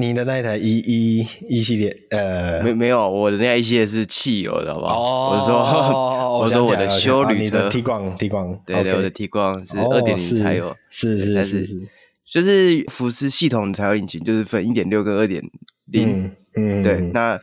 你的那一台一一一系列，呃，沒沒有，我的那一系列是汽油的，知道吧？哦，我說，我，我說我的休旅車，啊、你的 Tiguan、Tiguan，對對，我的 Tiguan 是二點零柴油，是是是是，就是福斯系統柴油引擎，就是分一點六跟二點零，嗯，對，那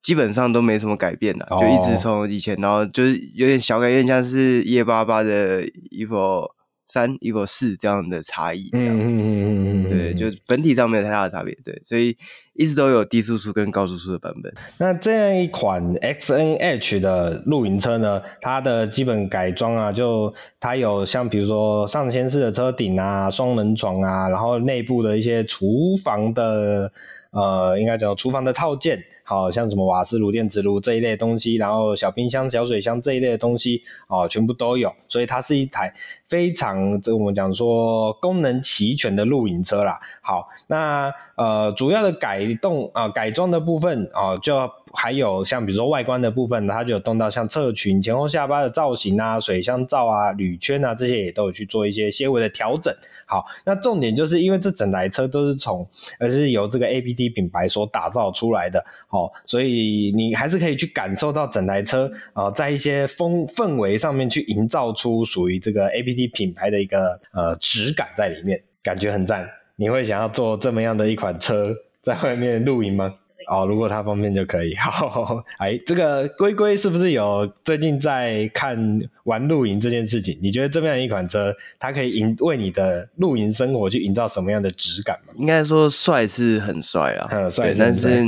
基本上都沒什麼改變了，哦、就一直從以前，然後就是有點小改變，像是 EA888 的 Evo。三一個四這樣的差異，嗯嗯嗯嗯對，就本體上沒有太大的差別，對，所以一直都有低輸出跟高輸出的版本。那這樣一款 XNH 的露營車呢，它的基本改裝啊，就它有像比如說上掀式的車頂啊、雙人床啊，然後內部的一些廚房的呃，應該叫廚房的套件。好像什麼瓦斯爐、電磁爐這一類東西，然後小冰箱、小水箱這一類的東西，哦，全部都有。所以它是一台非常，這我們講說功能齊全的露營車啦。好，那呃主要的改動啊，呃，改裝的部分啊，哦，就。還有像比如說外觀的部分呢，它就有動到像側裙、前後下巴的造型啊、水箱罩啊、鋁圈啊這些，也都有去做一些些微的調整。好，那重點就是因為這整台車都是從而是由這個 ABT 品牌所打造出來的，哦，所以你還是可以去感受到整台車啊、呃，在一些風氛圍上面去營造出屬於這個 ABT 品牌的一個呃質感在裡面，感覺很讚。你會想要坐這麼樣的一款車在外面露營嗎？哦，如果他方便就可以。好， 哎，這個龜龜是不是有最近在看玩露營這件事情？你覺得這樣一款車，它可以營，為你的露營生活去營造什麼樣的質感嗎？應該說帥是很帥啊，嗯、對很帥，但是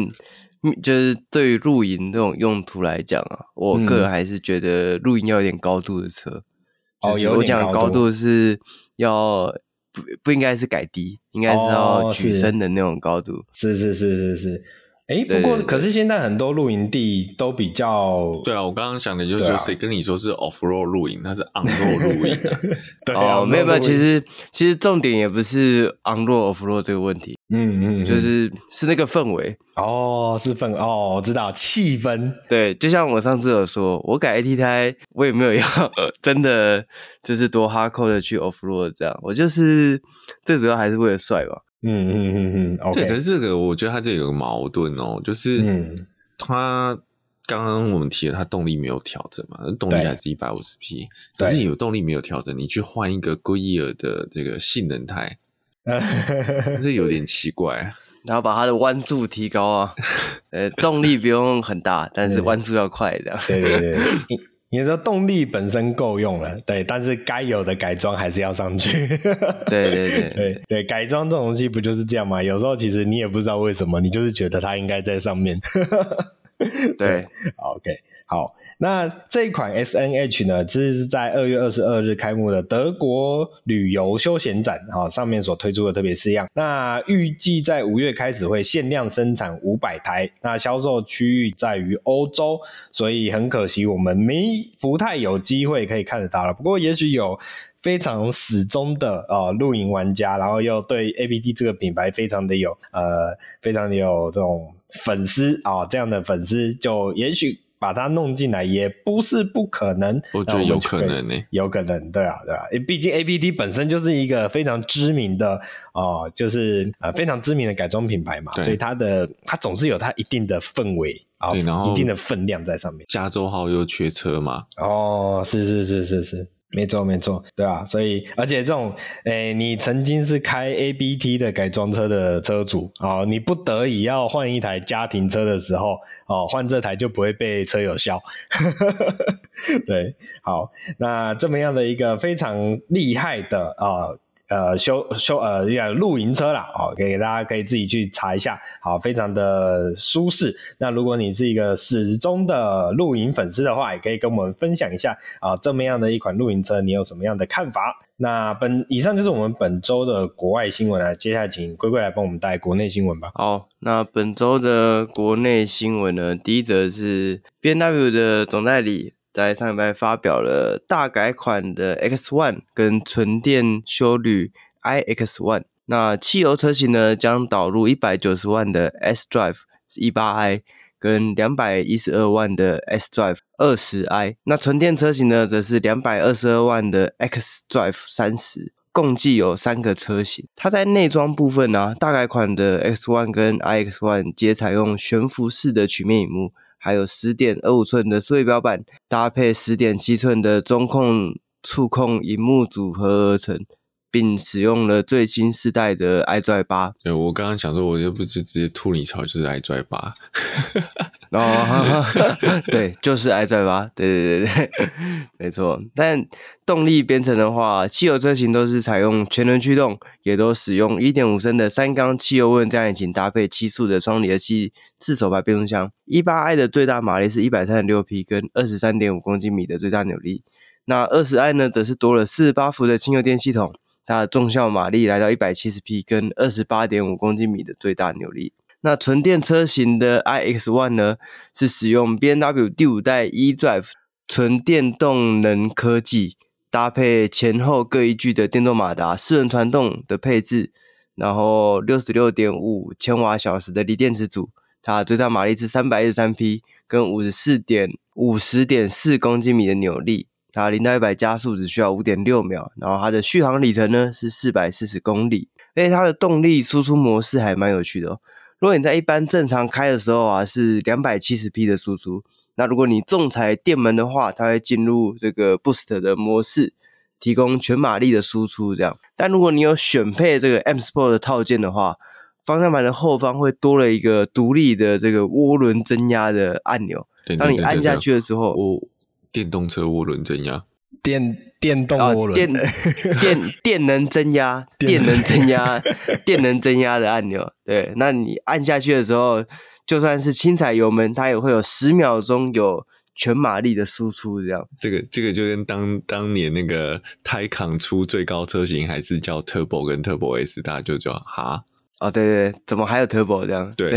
就是對於露營這種用途來講啊，我個人還是覺得露營要有點高度的車。哦、嗯，我講高度是要不不應該是改低，應該是要舉升的那種高度、哦是。是是是是是。哎，不過可是現在很多露營地都比較……對啊，我剛剛想的就是說，誰跟你說是 off road 露營，他是 on road 露營的。哦，沒有沒有，其實其實重點也不是 on road off road 這個問題。嗯嗯，就是是那個氛圍。哦，是氛哦，我知道氣氛。對，就像我上次有說，我改 AT 胎，我也沒有要真的就是多哈扣的去 off road 這樣，我就是最主要還是為了帥吧。嗯嗯嗯嗯，嗯嗯嗯對，Okay. 可是這個我覺得它這有個矛盾哦、喔，就是它剛剛我們提了，它動力沒有調整嘛，動力還是一百五十匹，可是有動力沒有調整，你去換一個 Goodyear 的這個性能胎，這對有點奇怪， 然後把它的彎速提高啊，呃，動力不用很大，但是彎速要快，這樣。 你說動力本身夠用了，對，但是該有的改裝還是要上去。 對對對對對，對，改裝這種東西不就是這樣嗎？有時候其實你也不知道為什麼，你就是覺得它應該在上面。 對，對，OK，好。那這一款 XNH 呢，這是在二月二十二日開幕的德國旅遊休閒展啊、哦，上面所推出的特別式樣。那預計在五月開始會限量生產五百台，那銷售區域在於歐洲，所以很可惜我們沒不太有機會可以看得到了。不過也許有非常始終的啊、呃、露營玩家，然後又對 ABT 這個品牌非常的有呃，非常的有這種粉絲啊、哦、這樣的粉絲，就也許，把它弄進來也不是不可能，我覺得有可能呢、欸，有可能對啊，對啊，畢竟 ABT 本身就是一個非常知名的，哦、呃，就是呃非常知名的改裝品牌嘛，對所以它的它總是有它一定的氛圍，一定的分量在上面。加州號又缺車嘛，哦，是是是是是。沒錯，沒錯，對吧、啊？所以，而且這種，誒，你曾經是開 A B T 的改裝車的車主，哦，你不得已要換一台家庭車的時候，哦，換這台就不會被車友笑。對，好，那這麼樣的一個非常厲害的啊。呃呃，修修呃，一輛露營車啦，哦，可以，大家可以自己去查一下，好，非常的舒適。那如果你是一個始終的露營粉絲的話，也可以跟我們分享一下啊，這麼樣的一款露營車，你有什麼樣的看法？那本以上就是我們本周的國外新聞了，啊，接下來請龜龜來幫我們帶國內新聞吧。好，那本周的國內新聞呢，第一則是 BMW 的總代理。在上禮拜發表了大改款的 X1 跟純電休旅 iX1。那汽油車型呢將導入一百九十萬的 S Drive 一八 i，跟兩百一十二萬的 S Drive 二十 i，那純電車型呢則是兩百二十二萬的 X Drive 三十，共計有三個車型。它在內裝部分呢、啊，大改款的 X1 跟 iX1，皆採用懸浮式的曲面屏幕。還有十點二五寸的儀表板，搭配十點七寸的中控觸控熒幕組合而成，並使用了最新世代的 iDrive 八。8對，我剛剛想說，我又不是直接吐你槽，就是 iDrive 八。 哦，哈哈哈，對，就是 iDrive 吧，對對對對，沒錯。但動力編程的話，汽油車型都是採用全輪驅動，也都使用1.5升的三缸汽油渦輪引擎，搭配七速的雙離合器自手排變速箱。18i 的最大馬力是一百三十六匹，跟二十三點五公斤米的最大扭力。那 20i 呢，則是多了四十八伏的輕油電系統，它的重效馬力來到一百七十匹，跟二十八點五公斤米的最大扭力。那純電車型的 iX1 呢，是使用 BMW 第五代 e Drive 純電動能科技，搭配前後各一具的電動馬達，四輪傳動的配置，然後六十六點五千瓦小時的鋰電池組，它最大馬力是三百一十三匹，跟五十四點五十點四公斤米的扭力，它零到一百加速只需要五點六秒，然後它的續航里程呢是四百四十公里，而且它的動力輸出模式還蠻有趣的哦。如果你在一般正常開的時候啊，是兩百七十匹的輸出。那如果你重踩電門的話，它會進入這個 Boost 的模式，提供全馬力的輸出。這樣，但如果你有選配這個 M Sport 的套件的話，方向盤的後方會多了一個獨立的這個渦輪增壓的按鈕。當你按下去的時候，我電動車渦輪增壓。電電動渦輪，哦、電 電電能增壓，電能增壓，電能增壓的按鈕，對，那你按下去的時候，就算是輕踩油門，它也會有十秒鐘有全馬力的輸出，這樣。這個這個就跟當當年那個 Taycan 出最高車型，還是叫 Turbo 跟 Turbo S，大家就叫哈。哦，對，對對，怎麼還有 Turbo 這樣？對，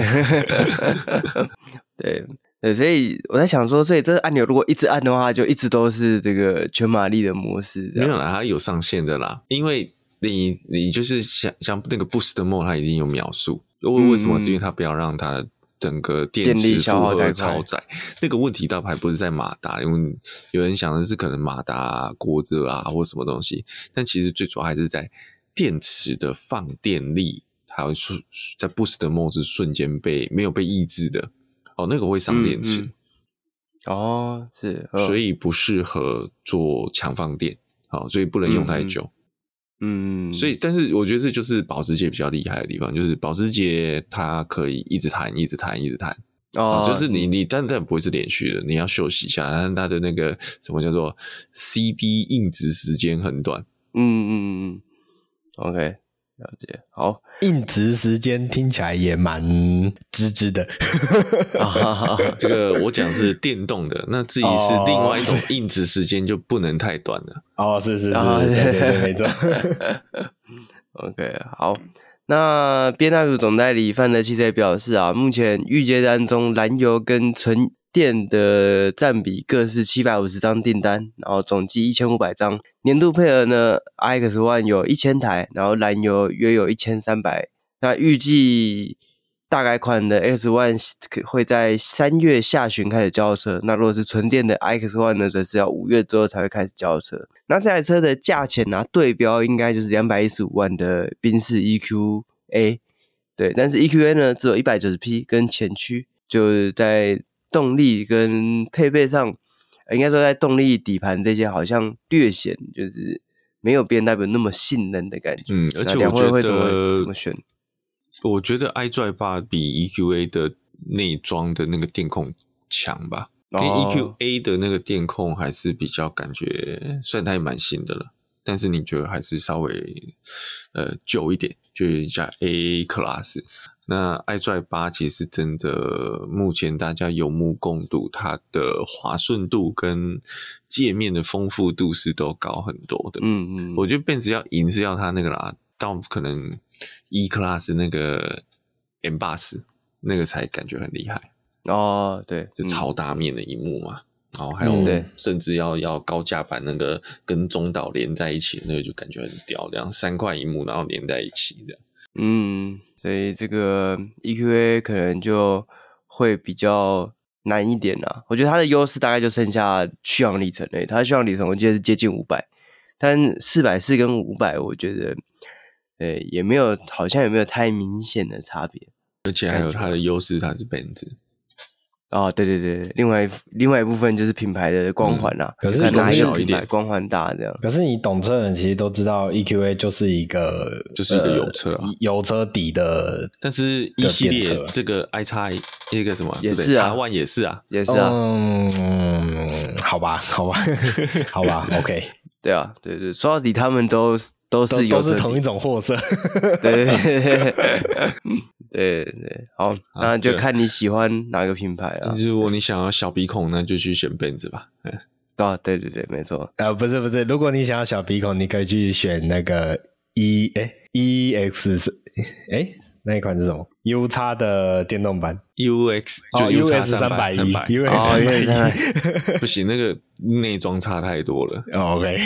對。 對對，所以我在想說，所以這個按鈕如果一直按的話，就一直都是這個全馬力的模式。沒有啦，它有上限的啦。因為你，你就是像像那個 boost mode，它已經有描述。如果為什麼？嗯、是因為它不要讓它整個電池負荷超載。歹歹那個問題倒還不是在馬達，因為有人想的是可能馬達過、啊、熱啊，或什麼東西。但其實最主要還是在電池的放電力，還有在 boost mode 是瞬間被沒有被抑制的。哦，那個會傷電池。嗯嗯。哦，是，哦、所以不適合做強放電，好，哦，所以不能用太久。嗯，嗯，所以，但是我覺得這就是保時捷比較厲害的地方，就是保時捷它可以一直彈，一直彈，一直彈。哦，哦，就是你你但但不會是連續的，你要休息一下。但它的那個什麼叫做 CD 硬直時間很短。嗯嗯嗯嗯，OK。了解，好，硬直時間聽起來也蠻吱吱的。這個我講是電動的， 那至於是另外一種硬直時間就不能太短了。哦，是是是，對對對，沒錯。OK，好，那 BMW 總代理汎德汽車表示啊，目前預接單中，燃油跟純。電的占比各是七百五十張訂單，然後總計一千五百張。年度配額呢，X1 有一千台，然後燃油約有一千三百。那預計大改款的 X1 會在三月下旬開始交車。那如果是純電的、R、X1 呢，則是要五月之後才會開始交車。那這台車的價錢呢、啊，對標應該就是兩百一十五萬的賓士 EQA。對，但是 EQA 呢，只有一百九十 P 跟前驅，就是在。動力跟配備上，應該說在動力底盤這些，好像略顯就是沒有 Bentley 那麼性能的感覺。嗯，而且我覺得，我覺得 iDrive 8比 EQA 的內裝的那個電控強吧，哦、跟 EQA 的那個電控還是比較感覺，雖然它也蠻新的了，但是你覺得還是稍微呃舊一點，就一家 A Class。那 iDrive 8其實真的，目前大家有目共睹，它的滑順度跟界面的豐富度是都高很多的。嗯嗯，我覺得賓士要贏是要它那個啦，到可能 E-class 那個 MBUX 那個才感覺很厲害哦。對，就超大面的熒幕嘛，然後還有甚至要要高價版那個跟中島連在一起那個就感覺很屌，兩三塊熒幕然後連在一起這樣。嗯，所以這個 E Q A 可能就會比較難一點啦、啊，我覺得它的優勢大概就剩下續航里程了，它的續航里程我記得是接近五百，但四百四跟五百，我覺得誒、欸、也沒有，好像也沒有太明顯的差別。而且還有它的優勢，它是賓士。哦，對對對，另外另外一部分就是品牌的光環啦、啊嗯，可是還是一點光環大這樣。可是你懂車人其實都知道，EQA 就是一個就是一個油車、啊，油、呃、車底的，但是一系列這個 iX 一個什麼也是啊，X1 也是啊，也是啊。嗯，um, 好吧，好吧， 好吧，OK，對啊，對，對對，說到底他們都都是車都是同一種貨色，對 對，對對，好，啊、那就看你喜歡哪個品牌了、啊。如果你想要小鼻孔，那就去選 Benz 吧。對，對，對對對，沒錯。啊、呃，不是不是，如果你想要小鼻孔，你可以去選那個 E 哎，EX 哎那一款是什麼？U X 的電動版 U X，就 U X 三百 E，U X 三百 E，不行那個。內裝差太多了。oh，OK，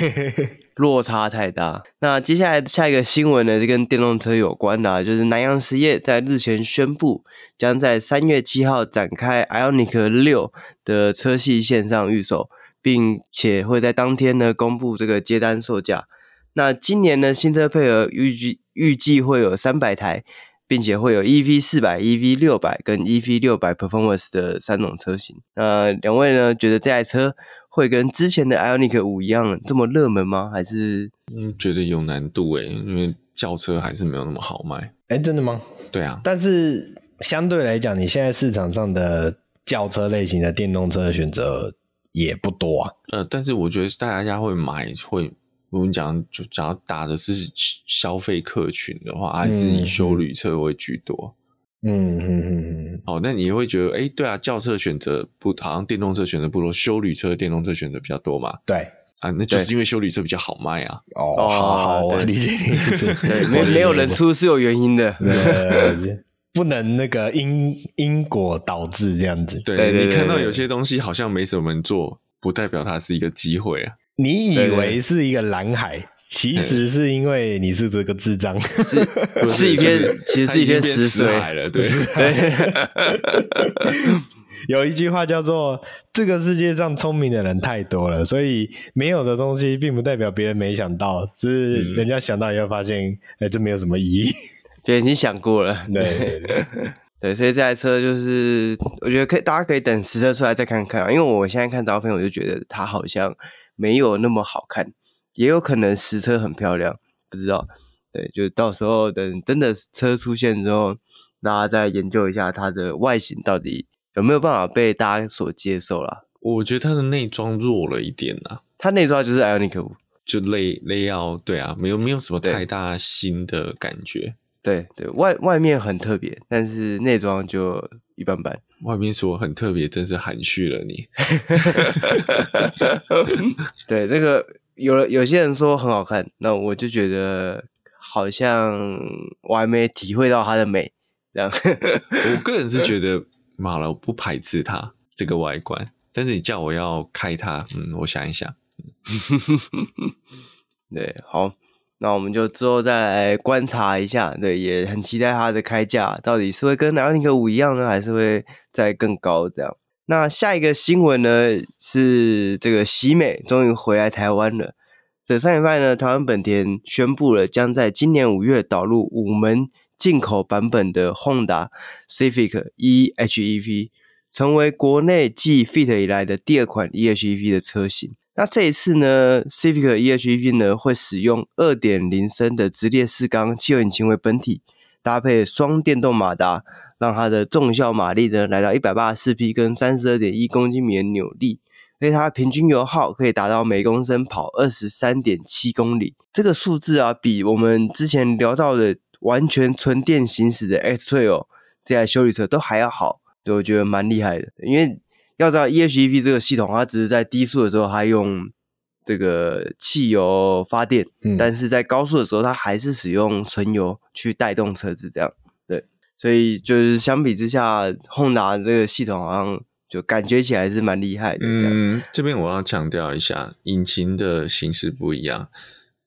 落差太大。那接下來下一個新聞呢，就跟電動車有關的，啊，就是南陽實業在日前宣布，將在三月七號展開 IONIQ 六的車系線上預售，並且會在當天呢公布這個接單售價。那今年呢新車配額預計預計會有三百台，並且會有，e、400, EV 四百、EV 六百跟 EV 六百 Performance 的三種車型。那兩位呢覺得這台車？會跟之前的 Ioniq 五一樣這麼熱門嗎？還是嗯，覺得有難度，誒、欸，因為轎車還是沒有那麼好賣，哎、欸，真的嗎？對啊，但是相對來講，你現在市場上的轎車類型的電動車的選擇也不多啊。呃，但是我覺得大家會買，會我們講就主要打的是消費客群的話，還是以休旅車為居多。嗯嗯嗯嗯嗯，好，那你也會覺得，哎，對啊，轎車選擇不好像電動車選擇不多，休旅車電動車選擇比較多嘛？對啊，那就是因為休旅車比較好賣啊。哦，好，我理解你，沒沒有人出是有原因的，不能那個因因果導致這樣子。對，你看到有些東西好像沒什麼人做，不代表它是一個機會啊。你以為是一個藍海？其實是因為你是這個智障、嗯， 是是一片，其實是一片死水了，對。對， 對 有一句話叫做“這個世界上聰明的人太多了，所以沒有的東西，並不代表別人沒想到，只是人家想到以後發現，哎、嗯欸，這沒有什麼意義，別人已經想過了。”對，對，對，對，對，所以這台車就是，我覺得可以，大家可以等實車出來再看看、啊，因為我現在看照片，我就覺得它好像沒有那麼好看。也有可能實車很漂亮，不知道，對，就到時候等真的車出現之後，大家再研究一下它的外形到底有沒有辦法被大家所接受啦。我覺得它的內裝弱了一點啦。它內裝就是 Ioniq 5就內內要對啊，沒有沒有什麼太大新的感覺，對對，對，外外面很特別，但是內裝就一般般。外面說很特別，真是含蓄了你。 對這個。有有些人說很好看，那我就覺得好像我還沒體會到它的美。這樣， 我個人是覺得，馬 了，我不排斥它這個外觀，但是你叫我要開它，嗯，我想一想。呵呵呵。對，好，那我們就之後再來觀察一下。對，也很期待它的開價到底是會跟 Ioniq 5一樣呢，還是會再更高這樣。那下一個新聞呢？是這個喜美終於回來台灣了。這上禮拜呢，台灣本田宣布了，將在今年五月導入五門進口版本的 Honda Civic eHEV，成為國內繼 Fit 以來的第二款 eHEV 的車型。那這一次呢，Civic eHEV 呢會使用二點零升的直列四缸汽油引擎為本體，搭配雙電動馬達。讓它的重效馬力，呢來到一百八十四匹，跟三十二點一公斤米的扭力，所以它平均油耗可以達到每公升跑二十三點七公里。這個數字啊，比我們之前聊到的完全純電行駛的 X Trail 這台休旅車都還要好，對，我覺得蠻厲害的。因為要知道 e:HEV 這個系統，它只是在低速的時候它用這個汽油發電，嗯、但是在高速的時候它還是使用純油去帶動車子這樣。所以就是相比之下，Honda 這個系統好像就感覺起來是蠻厲害的。嗯，這邊樣我要強調一下，引擎的形式不一樣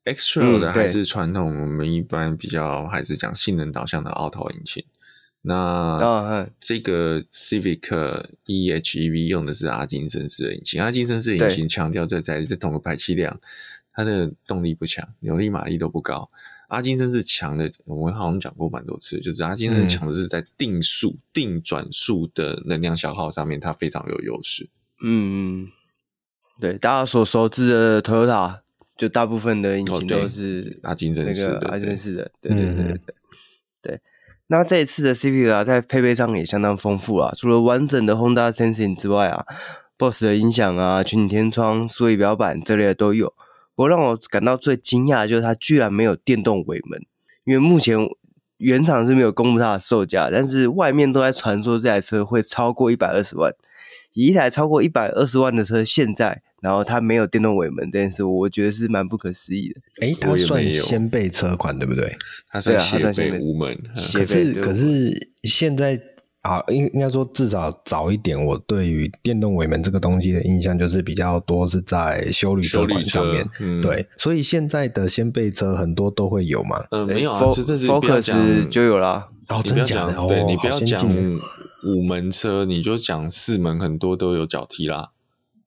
，X-Trail 的還是傳統，嗯、我們一般比較還是講性能導向的奧拓引擎。那這個 Civic EHEV 用的是阿金森式的引擎，阿金森式的引擎強調對在在在同個排氣量，它的動力不強，扭力馬力都不高。阿金森是強的，我好像講過蠻多次，就是阿金森強的是在定速、嗯、定轉速的能量消耗上面，它非常有優勢。嗯，對，大家所熟知的 Toyota，就大部分的引擎都是阿金森，那個阿金森式的，對對對對，對、嗯、對，那這一次的 Civic 啊，在配備上也相當豐富啊，除了完整的 Honda Sensing 之外啊，Bose 的音響啊，全景天窗、數位表板這類的都有。不過讓我感到最驚訝的就是它居然沒有電動尾門，因為目前原廠是沒有公布它的售價，但是外面都在傳說這台車會超過一百二十萬，以一台超過一百二十萬的車，現在然後它沒有電動尾門這件事，我覺得是蠻不可思議的。哎、欸，它算掀背車款對不、啊、對？它算掀背無門，呵呵可是可是現在。啊，應應該說至少早一點，我對於電動尾門這個東西的印象就是比較多是在休旅車款上面，嗯、對，所以現在的掀背車很多都會有嘛，嗯、呃，沒有啊、欸、，Focus 就有了、哦哦，哦，真假的，對你不要講五門車，你就講四門，很多都有腳踢啦，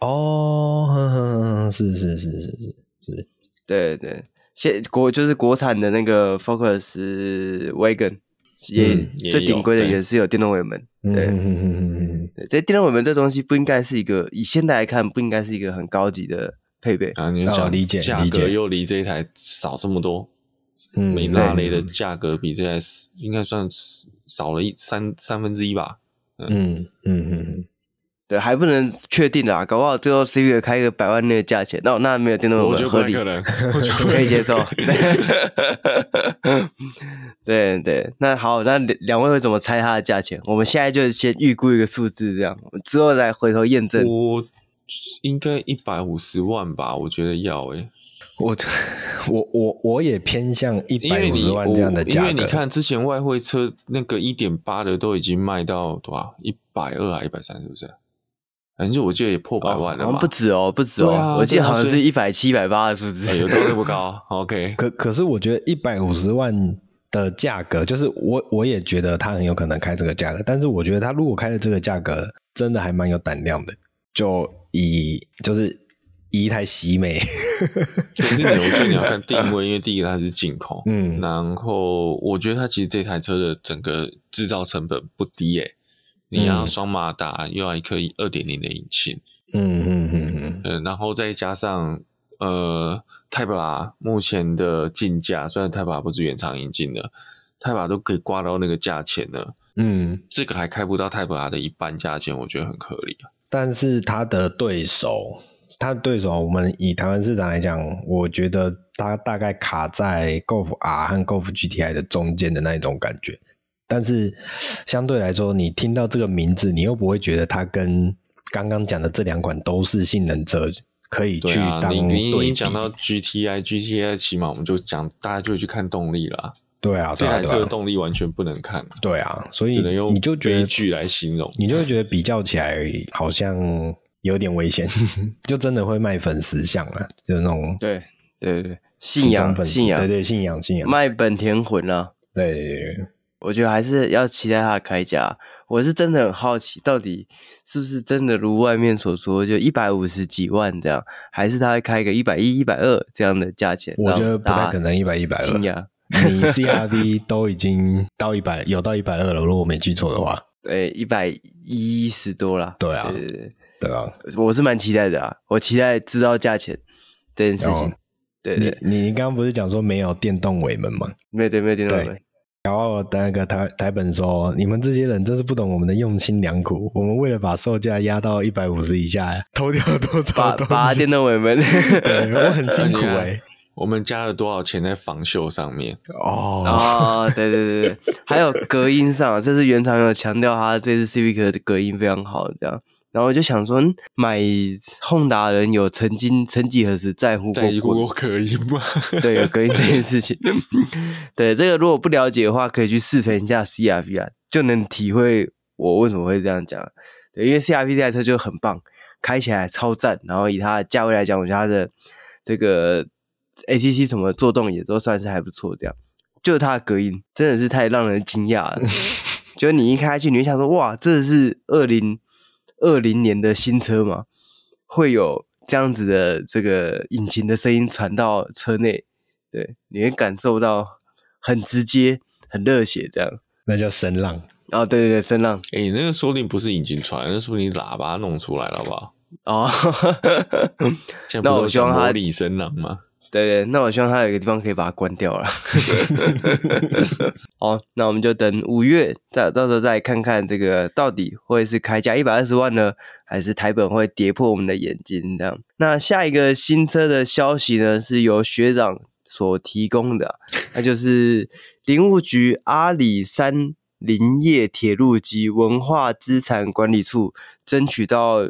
哦，哼是是是是是，是對對，現國就是國產的那個 Focus wagon。也最頂規的也是有電動尾門、嗯，對，這對、嗯、電動尾門這東西不應該是一個，以現在來看不應該是一個很高級的配備啊，你、哦、理解？價格又離這一台少這麼多，嗯、美納雷的價格比這台、嗯、應該算少了一三三分之一吧？嗯嗯嗯嗯。嗯哼哼對，還不能確定啦，搞不好最後 C 位開一個百萬那個價錢，那、oh, 那沒有電動輪合理，可以接受。 對對，那好，那兩位會怎麼猜它的價錢？我們現在就先預估一個數字，這樣之後來回頭驗證。我應該一百五十萬吧，我覺得要誒、欸、我我我我也偏向一百五十萬這樣的價格因，因為你看之前外匯車那個一點八的都已經賣到多少？一百二還一百三，是不是？反正我記得也破百萬了吧、哦，不止哦，不止哦，啊、我記得好像是一百七、一百八的數字，有那麼高？OK， 可可是我覺得一百五十萬的價格，就是我我也覺得他很有可能開這個價格，但是我覺得他如果開的這個價格，真的還蠻有膽量的。就以就是一台喜美，就是，就是我覺得你要看定位， 因為第一個它是進口，嗯，然後我覺得它其實這台車的整個製造成本不低誒、欸。你要雙馬達，嗯、又要一顆二點零的引擎，嗯嗯嗯嗯，然後再加上呃，Type R 目前的進價，雖然 Type R 不是原廠引進的，Type R 都可以掛到那個價錢了，嗯，這個還開不到 Type R 的一半價錢，我覺得很合理。但是它的對手，它的對手，我們以台灣市場來講，我覺得它大概卡在 Golf R 和 Golf GTI 的中間的那一種感覺。但是相對來說，你聽到這個名字，你又不會覺得它跟剛剛講的這兩款都是性能車可以去。當、啊。你你，你講到 GTI GTI，起碼我們就講大家就去看動力了、啊。對啊，對啊，這台這個動力完全不能看、啊。對啊，所以你就覺得悲劇來形容，你就會覺得比較起來好像有點危險， 就真的會賣粉絲相啊，就是、那種對，對對對粉絲信仰對對信仰對對信仰信仰賣本田魂啊，對，對，對。我覺得還是要期待他的開價。我是真的很好奇，到底是不是真的如外面所說，就一百五十幾萬這樣，還是他會開個一百一、一百二這樣的價錢？我覺得不太可能一百一百二。驚訝，你 CRV 都已經到一百，有到一百二了，如果我沒記錯的話。對，一百一十多啦。對啊，對,對,對,對啊，我是蠻期待的啊，我期待知道價錢這件事情。哦、對,對,對，你你剛剛不是講說沒有電動尾門嗎？沒有，對，沒有電動尾門。然後那個台台本說：“你們這些人真是不懂我們的用心良苦，我們為了把售價壓到一百五十以下，偷掉了多少八千的尾門？們 對，我們很辛苦誒、欸啊。我們加了多少錢在防銹上面？哦，哦，對對對對， 還有隔音上，這是原廠有強調，它這次 Civic 的隔音非常好，這樣。”然後我就想說，買 Honda 的人有曾經、曾幾何時在乎過我隔音嗎？ 對，有隔音這件事情， 對這個如果不了解的話，可以去試乘一下 CRV 啊，就能體會我為什麼會這樣講。對，因為 CRV 這台車就很棒，開起來超讚。然後以它的價位來講，我覺得它的這個 ACC 什麼做動也都算是還不錯。這樣，就是它的隔音真的是太讓人驚訝了。 就你一開進去，你會想說，哇，這是二零。二零年的新車嘛，會有這樣子的這個引擎的聲音傳到車內，對，你會感受到很直接、很熱血這樣，那叫聲浪哦，對對對，聲浪。誒你、欸、那個說不定不是引擎傳，那是說不定喇叭弄出來了，好不好？哦， 不浪 那我希望它有聲浪嗎？對，對對，那我希望它有一個地方可以把它關掉了。 好，那我們就等五月再到時候再看看這個到底會是開價一百二十萬呢，還是台本會跌破我們的眼睛，這樣。那下一個新車的消息呢，是由學長所提供的，那就是林務局阿里山林業鐵路及文化資產管理處爭取到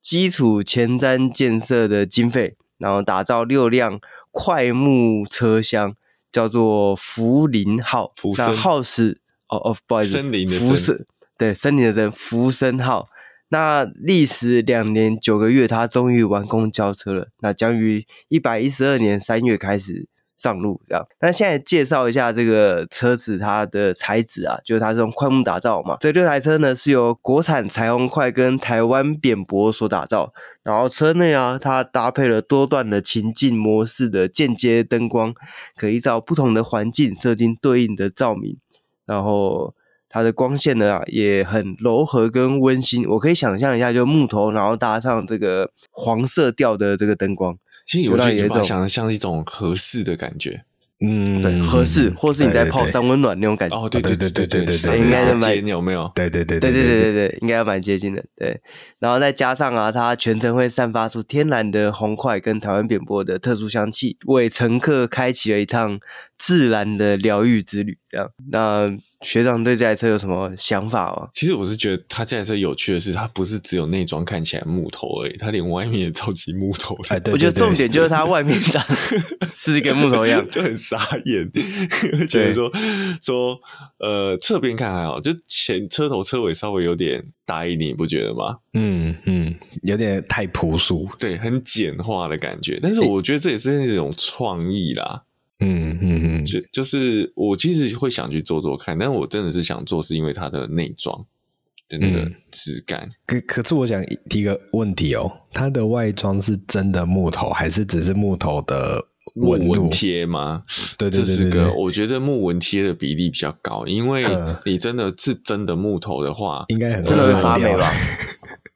基礎前瞻建設的經費，然後打造六輛檜木車廂。叫做福林號，福森號，那號是，哦哦，不好意思，森林的森，福森，對，森林的森，福森號。那歷時兩年九個月，它終於完工交車了。那將於一百一十二年三月開始，上路這樣，那現在介紹一下這個車子它的材質啊，就它是它用檜木打造嘛。這六台車呢是由國產彩虹檜跟台灣扁柏所打造，然後車內啊，它搭配了多段的情境模式的間接燈光，可以依照不同的環境設定對應的照明，然後它的光線呢也很柔和跟溫馨。我可以想象一下，就木頭，然後搭上這個黃色調的這個燈光。其實有覺得你想的像一種合適的感覺，感覺嗯對，合適，或是你在泡三溫暖那種感覺。對對對對哦，對對對對對對對，應該蠻接近有沒有？對對對對對對對，對，對，對應該要蠻接近的。對，然後再加上啊，它全程會散發出天然的紅檜跟台灣扁柏的特殊香氣，為乘客開啟了一趟。自然的療癒之旅，這樣。那學長對這台車有什麼想法嗎？其實我是覺得它這台車有趣的是，它不是只有內裝看起來木頭而已，它連外面也超級木頭。哎，欸、對，對，我覺得重點就是它外面長對 是跟木頭一樣，就很傻眼。對 就是說，說呃，側邊看還好，就前車頭車尾稍微有點壓抑，你不覺得嗎？嗯嗯，有點太樸素，樸書對，很簡化的感覺。但是我覺得這也是那種創意啦。欸嗯嗯嗯，就就是我其實會想去做做看，但是我真的是想做是因為它的內裝的那個質感。可可是我想提個問題哦，它的外裝是真的木頭還是只是木頭的紋紋貼嗎？對對對對，這是個我覺得木紋貼的比例比較高，因為你真的是真的木頭的話，應該、嗯、真的會發霉吧？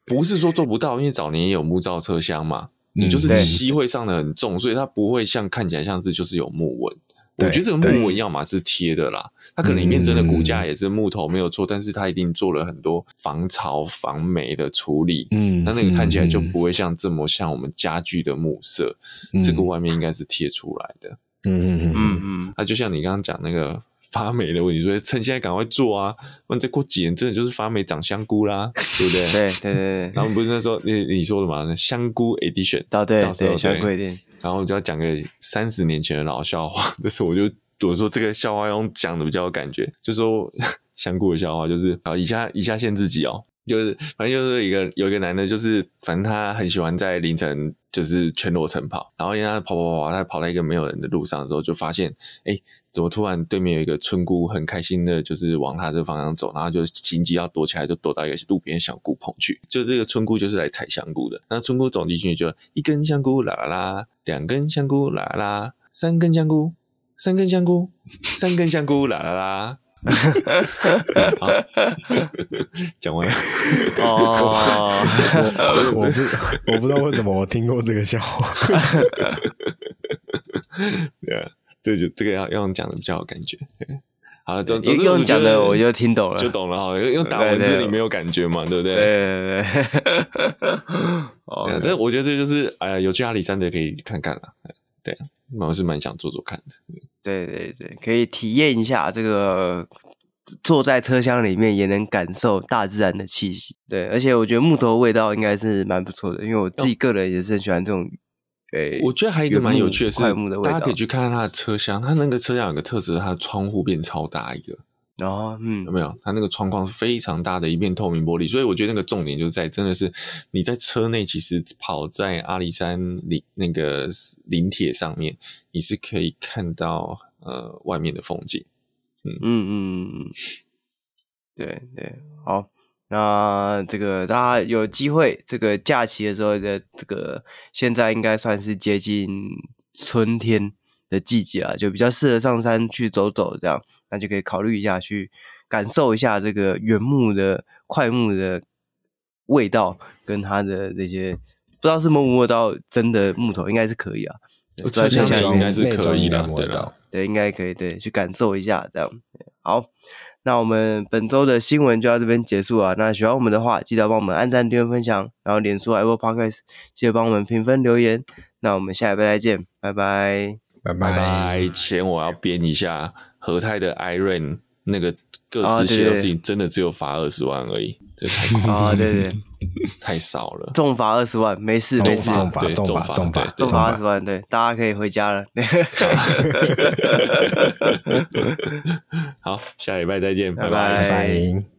不是說做不到，因為早年也有木造車廂嘛。你就是漆會上的很重，嗯、所以它不會像看起來像是就是有木紋。對我覺得這個木紋要麼是貼的啦，它可能裡面真的骨架也是木頭沒有錯，嗯、但是它一定做了很多防潮防霉的處理。嗯，那那個看起來就不會像這麼像我們家具的木色，嗯、這個外面應該是貼出來的。嗯嗯嗯嗯嗯，那、嗯嗯、就像你剛剛講那個。發霉的問題，所以趁現在趕快做啊！不然再過幾年真的就是發霉長香菇啦， 對不對？對對對對。對對對 然後不是那時候你你說的嘛？香菇 edition。對到對對，然後我就要講個三十年前的老笑話，就是我就我說這個笑話用講的比較有感覺，就說 香菇的笑話就是啊，以下以下限制級哦。就是，反正就是一個有一個男的，就是反正他很喜歡在凌晨就是全裸晨跑，然後因為他跑跑跑跑，他跑到一個沒有人的路上的時候，就發現，哎，怎麼突然對面有一個村姑很開心的，就是往他這方向走，然後就情急，急要躲起來，就躲到一個路邊的小菇棚去。就這個村姑就是來採香菇的，那村姑走進去就一根香菇啦啦啦，兩根香菇啦啦，三根香菇，三根香菇，三根香菇啦啦啦。哈哈哈，講 完了哦、oh.，我我不我不知道為什麼我聽過這個笑話， 對啊，這就這個要用講的比較有感覺，好，用用講的我就聽懂了，就懂了哈，因為打文字裡沒有感覺嘛，對不對？對對對，哦，但我覺得這就是哎呀，有去阿里山的可以看看了，對。蠻是蠻想做做看的，對，對對對，可以體驗一下這個坐在車廂裡面也能感受大自然的氣息，對，而且我覺得木頭味道應該是蠻不錯的，因為我自己個人也是很喜歡這種，誒、哦，欸、我覺得還有一個蠻有趣的是檜木的味道，大家可以去看看它的車廂，它那個車廂有個特色，它的窗戶變超大一個。然後、哦，嗯，有沒有？它那個窗框是非常大的一片透明玻璃，所以我覺得那個重點就在，真的是你在車內，其實跑在阿里山林那個林鐵上面，你是可以看到呃外面的風景。嗯嗯嗯，對對，好，那這個大家有機會，這個假期的時候的這個，現在應該算是接近春天的季節啊，就比較適合上山去走走這樣。那就可以考慮一下去感受一下這個原木的、檜木的味道，跟它的那些、嗯、不知道是摸摸到真的木頭，應該是可以啊。我之前應該是可以啦文文文的，對了啦，對，應該可以，對，去感受一下這樣。好，那我們本周的新聞就到這邊結束了啊。那喜歡我們的話，記得幫我們按讚、訂閱、分享，然後臉書 Apple Podcast 記得幫我們評分、留言。那我們下禮拜再見，拜拜，拜拜，錢我要編一下。和泰的 iRent 那個個資寫的事情，真的只有罰二十萬而已，這太虧了。對對，太少了。重罰二十萬，沒事沒事。重罰重罰重罰重罰二十萬，對，大家可以回家了。好，下禮拜再見，拜拜，歡迎。